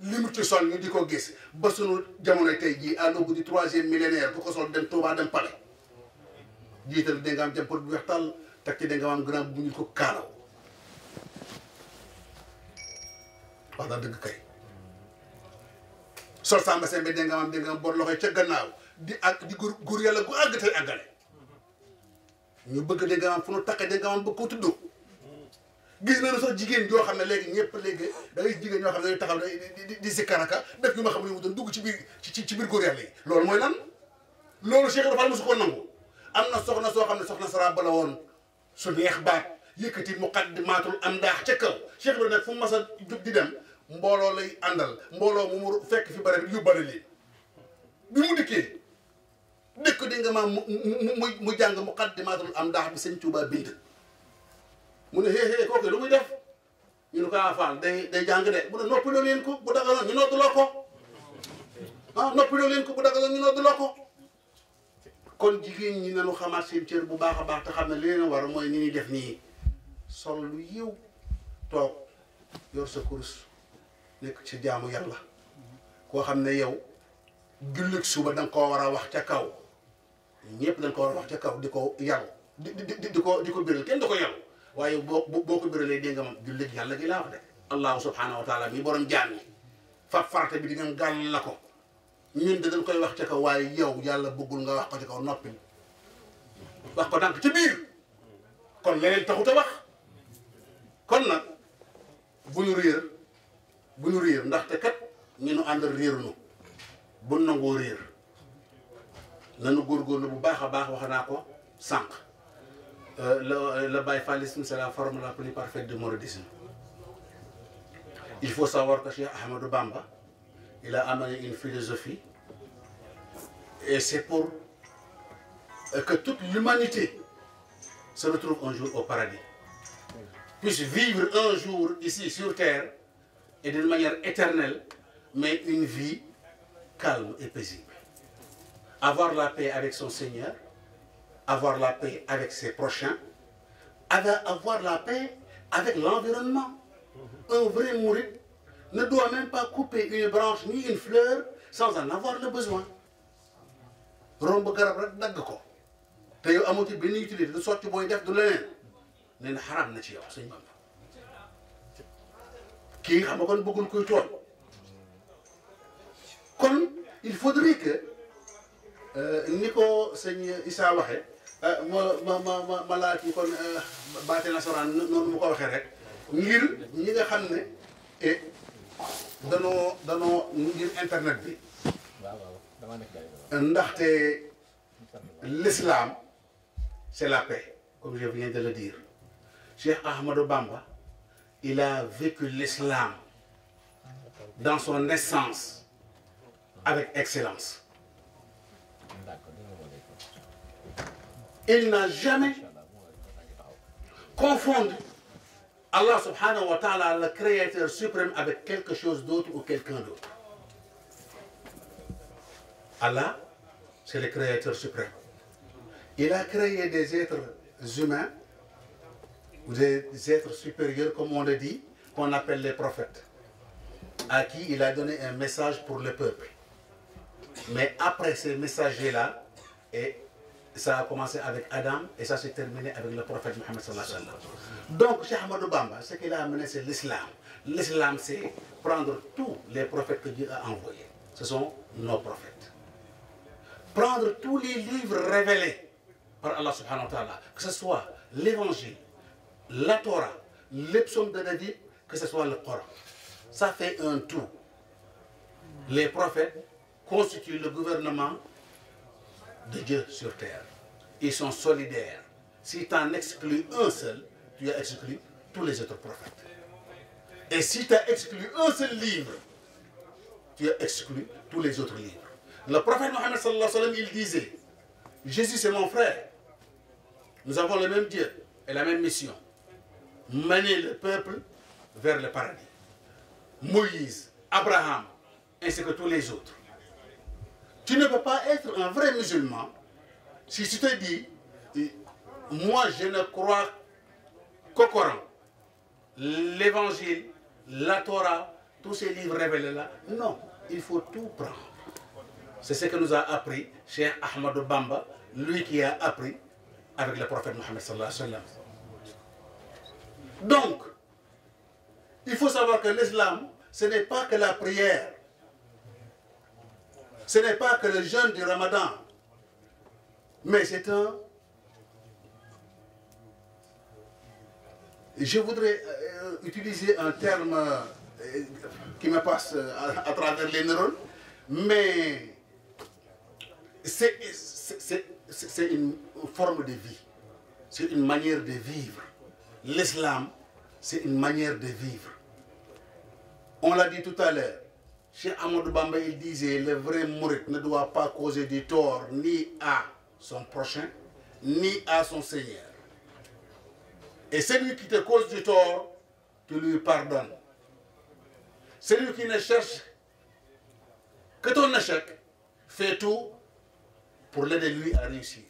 li mu ci sol ñu di ko gis ba sunu jamono tey jii à l'aube du troisième millénaire ko sol dem Touba dem Palais jiital da nga am jàmpot bu weex tàll teg ci da nga am grand bu ñu ko kaalaw wax daa dëgg kay sol sa mbasin bi nga am da nga am bor loxo ca gannaaw di ak di góor góor yàlla gu àgg tey àggale ñu bëgg dégg am fu nu taqee dégg am bëgg ko tudd gis nañu sax jigéen joo xam ne léegi ñëpp léegi da ngay jigéen ñoo xam ne dañuy taxaw di di si karaka def ñu xam ne mu doon dugg ci biir ci ci biir góor yàlla loolu mooy lan loolu Cheikh Ibra Fall mosu ko nangu am na soxna soo xam ne soxna sara bala woon su neex baat yëkkati muqaddimaatul am ndaax ca kaw Cheikh Ibra nag fu mu mas a jub di dem mbooloo lay àndal mbooloo mu mu fekk fi bare yóbbale lii bi mu dikkee dëkk di nga maam mu mu mu jàng muqaddimatul am ndax bi sëñ Tuubaa bind mu ne hee hee kooku lu muy def ñu ne ko ah, faal day day jàng de mu ne noppiloo leen ko bu dagaloon ñu noddloo ko ah noppiloo leen ko bu dagaloon ñu noddloo ko kon jigéen ñi nañu xamaat seen cër bu baax a baax te xam ne leen war mooy ni ñuy def nii sol lu yiw toog yor sa kurus nekk ci jaamu la koo xam ne yow jullit suba da koo war a wax ca kaw ñëpp dañ ko war a wax ca kaw di ko yaru di di di ko di ko biral kenn di ko yaru waaye boo boo ko biralee dégg nga moom jullit yàlla di laa wax de allahu subhanahu wa taala mi bi di ngeen la ko ñun de dañ koy wax ca kaw waaye yow yàlla bëggul nga wax ko ca kaw noppi wax ko dànk ci biir kon leneen taxut a wax kon nag bu ñu réer bu ñu réer ndaxte kat ñu nu àndal réer nu bu nangoo réer nanu góorgóorlu bu baax a baax wax naa ko sànq euh, la euh, le bayfalisme c'est la forme la plus parfaite du mouridisme il faut savoir que Cheikh Ahmadou Bamba il a amené une philosophie et c'est pour euh, que toute l'humanité se retrouve un jour au paradis puisse vivre un jour ici sur terre et d'une manière éternelle mais une vie calme et paisible avoir la paix avec son Seigneur, avoir la paix avec l'environnement. Un vrai mouride ne doit même pas couper une branche ni une fleur sans en avoir le besoin. romb garab rek dagg ko te yow amoo ci benn utilité du sotti booy def du leneen nee na xaraam na ci yow sëñ Bamba kii xam nga kon bëggul kuy il faudrait Euh, ni ko sëñ Issa waxe euh, ma ma ma ma ma laaj ñu euh, baate nasaraan noonu mu ko waxee rek ngir ñi nga xam ne e danoo danoo ngir internet bi ndaxte l'islam c'est la paix comme je viens de le dire Cheikh Ahmadou Bamba il a vécu l'islam dans son essence avec excellence il n'a jamais confondu Allah subhanahu wa ta'ala, le créateur suprême, avec quelque chose d'autre ou quelqu'un d'autre. Allah, c'est le créateur suprême. Il a créé des êtres humains ou des êtres supérieurs, comme on le dit, qu'on appelle les prophètes, à qui il a donné un message pour le peuple. Mais après ces messagers-là, ça a commencé avec Adam et ça s'est terminé avec le prophète Mohammed sallallahu alayhi wa sallam. Donc, Cheikh Ahmadou Bamba, ce qu'il a amené, c'est l'islam. L'islam, c'est prendre tous les prophètes que Dieu a envoyés. Ce sont nos prophètes. Prendre tous les livres révélés par Allah subhanahu wa ta'ala, que ce soit l'évangile, la Torah, les psaumes de David, que ce soit le Coran. Ça fait un tout. Les prophètes constituent le gouvernement de Dieu sur terre. Ils sont solidaires. Si tu en exclus un seul, tu as exclu tous les autres prophètes. Et si tu as un seul livre, tu as exclu tous les autres livres. Le prophète Mohammed sallallahu alayhi wa sallam, il disait, Jésus c'est mon frère. Nous avons le même Dieu et la même mission. Mener le peuple vers le paradis. Moïse, Abraham, ainsi que tous les autres. Tu ne peux pas être un vrai musulman si tu te dis, moi je ne crois qu'au Coran, l'Évangile, la Torah, tous ces livres révélés-là. Non, il faut tout prendre. C'est ce que nous a appris Cheikh Ahmadou Bamba, lui qui a appris avec le prophète Mohammed sallallahu alayhi wa sallam. Donc, il faut savoir que l'islam, ce n'est pas que la prière. Ce n'est pas que le jeûne du ramadan, mais c'est un... Je voudrais euh, utiliser un terme euh, qui me passe à, euh, à travers les neurones, mais c'est une forme de vie, c'est une manière de vivre. L'islam, c'est une manière de vivre. On l'a dit tout à l'heure, Cheikh Amadou Bamba, il disait, le vrai mourit ne doit pas causer du tort ni à son prochain, ni à son Seigneur. Et celui qui te cause du tort, tu lui pardonnes. Celui qui ne cherche que ton échec, fais tout pour l'aider lui à réussir.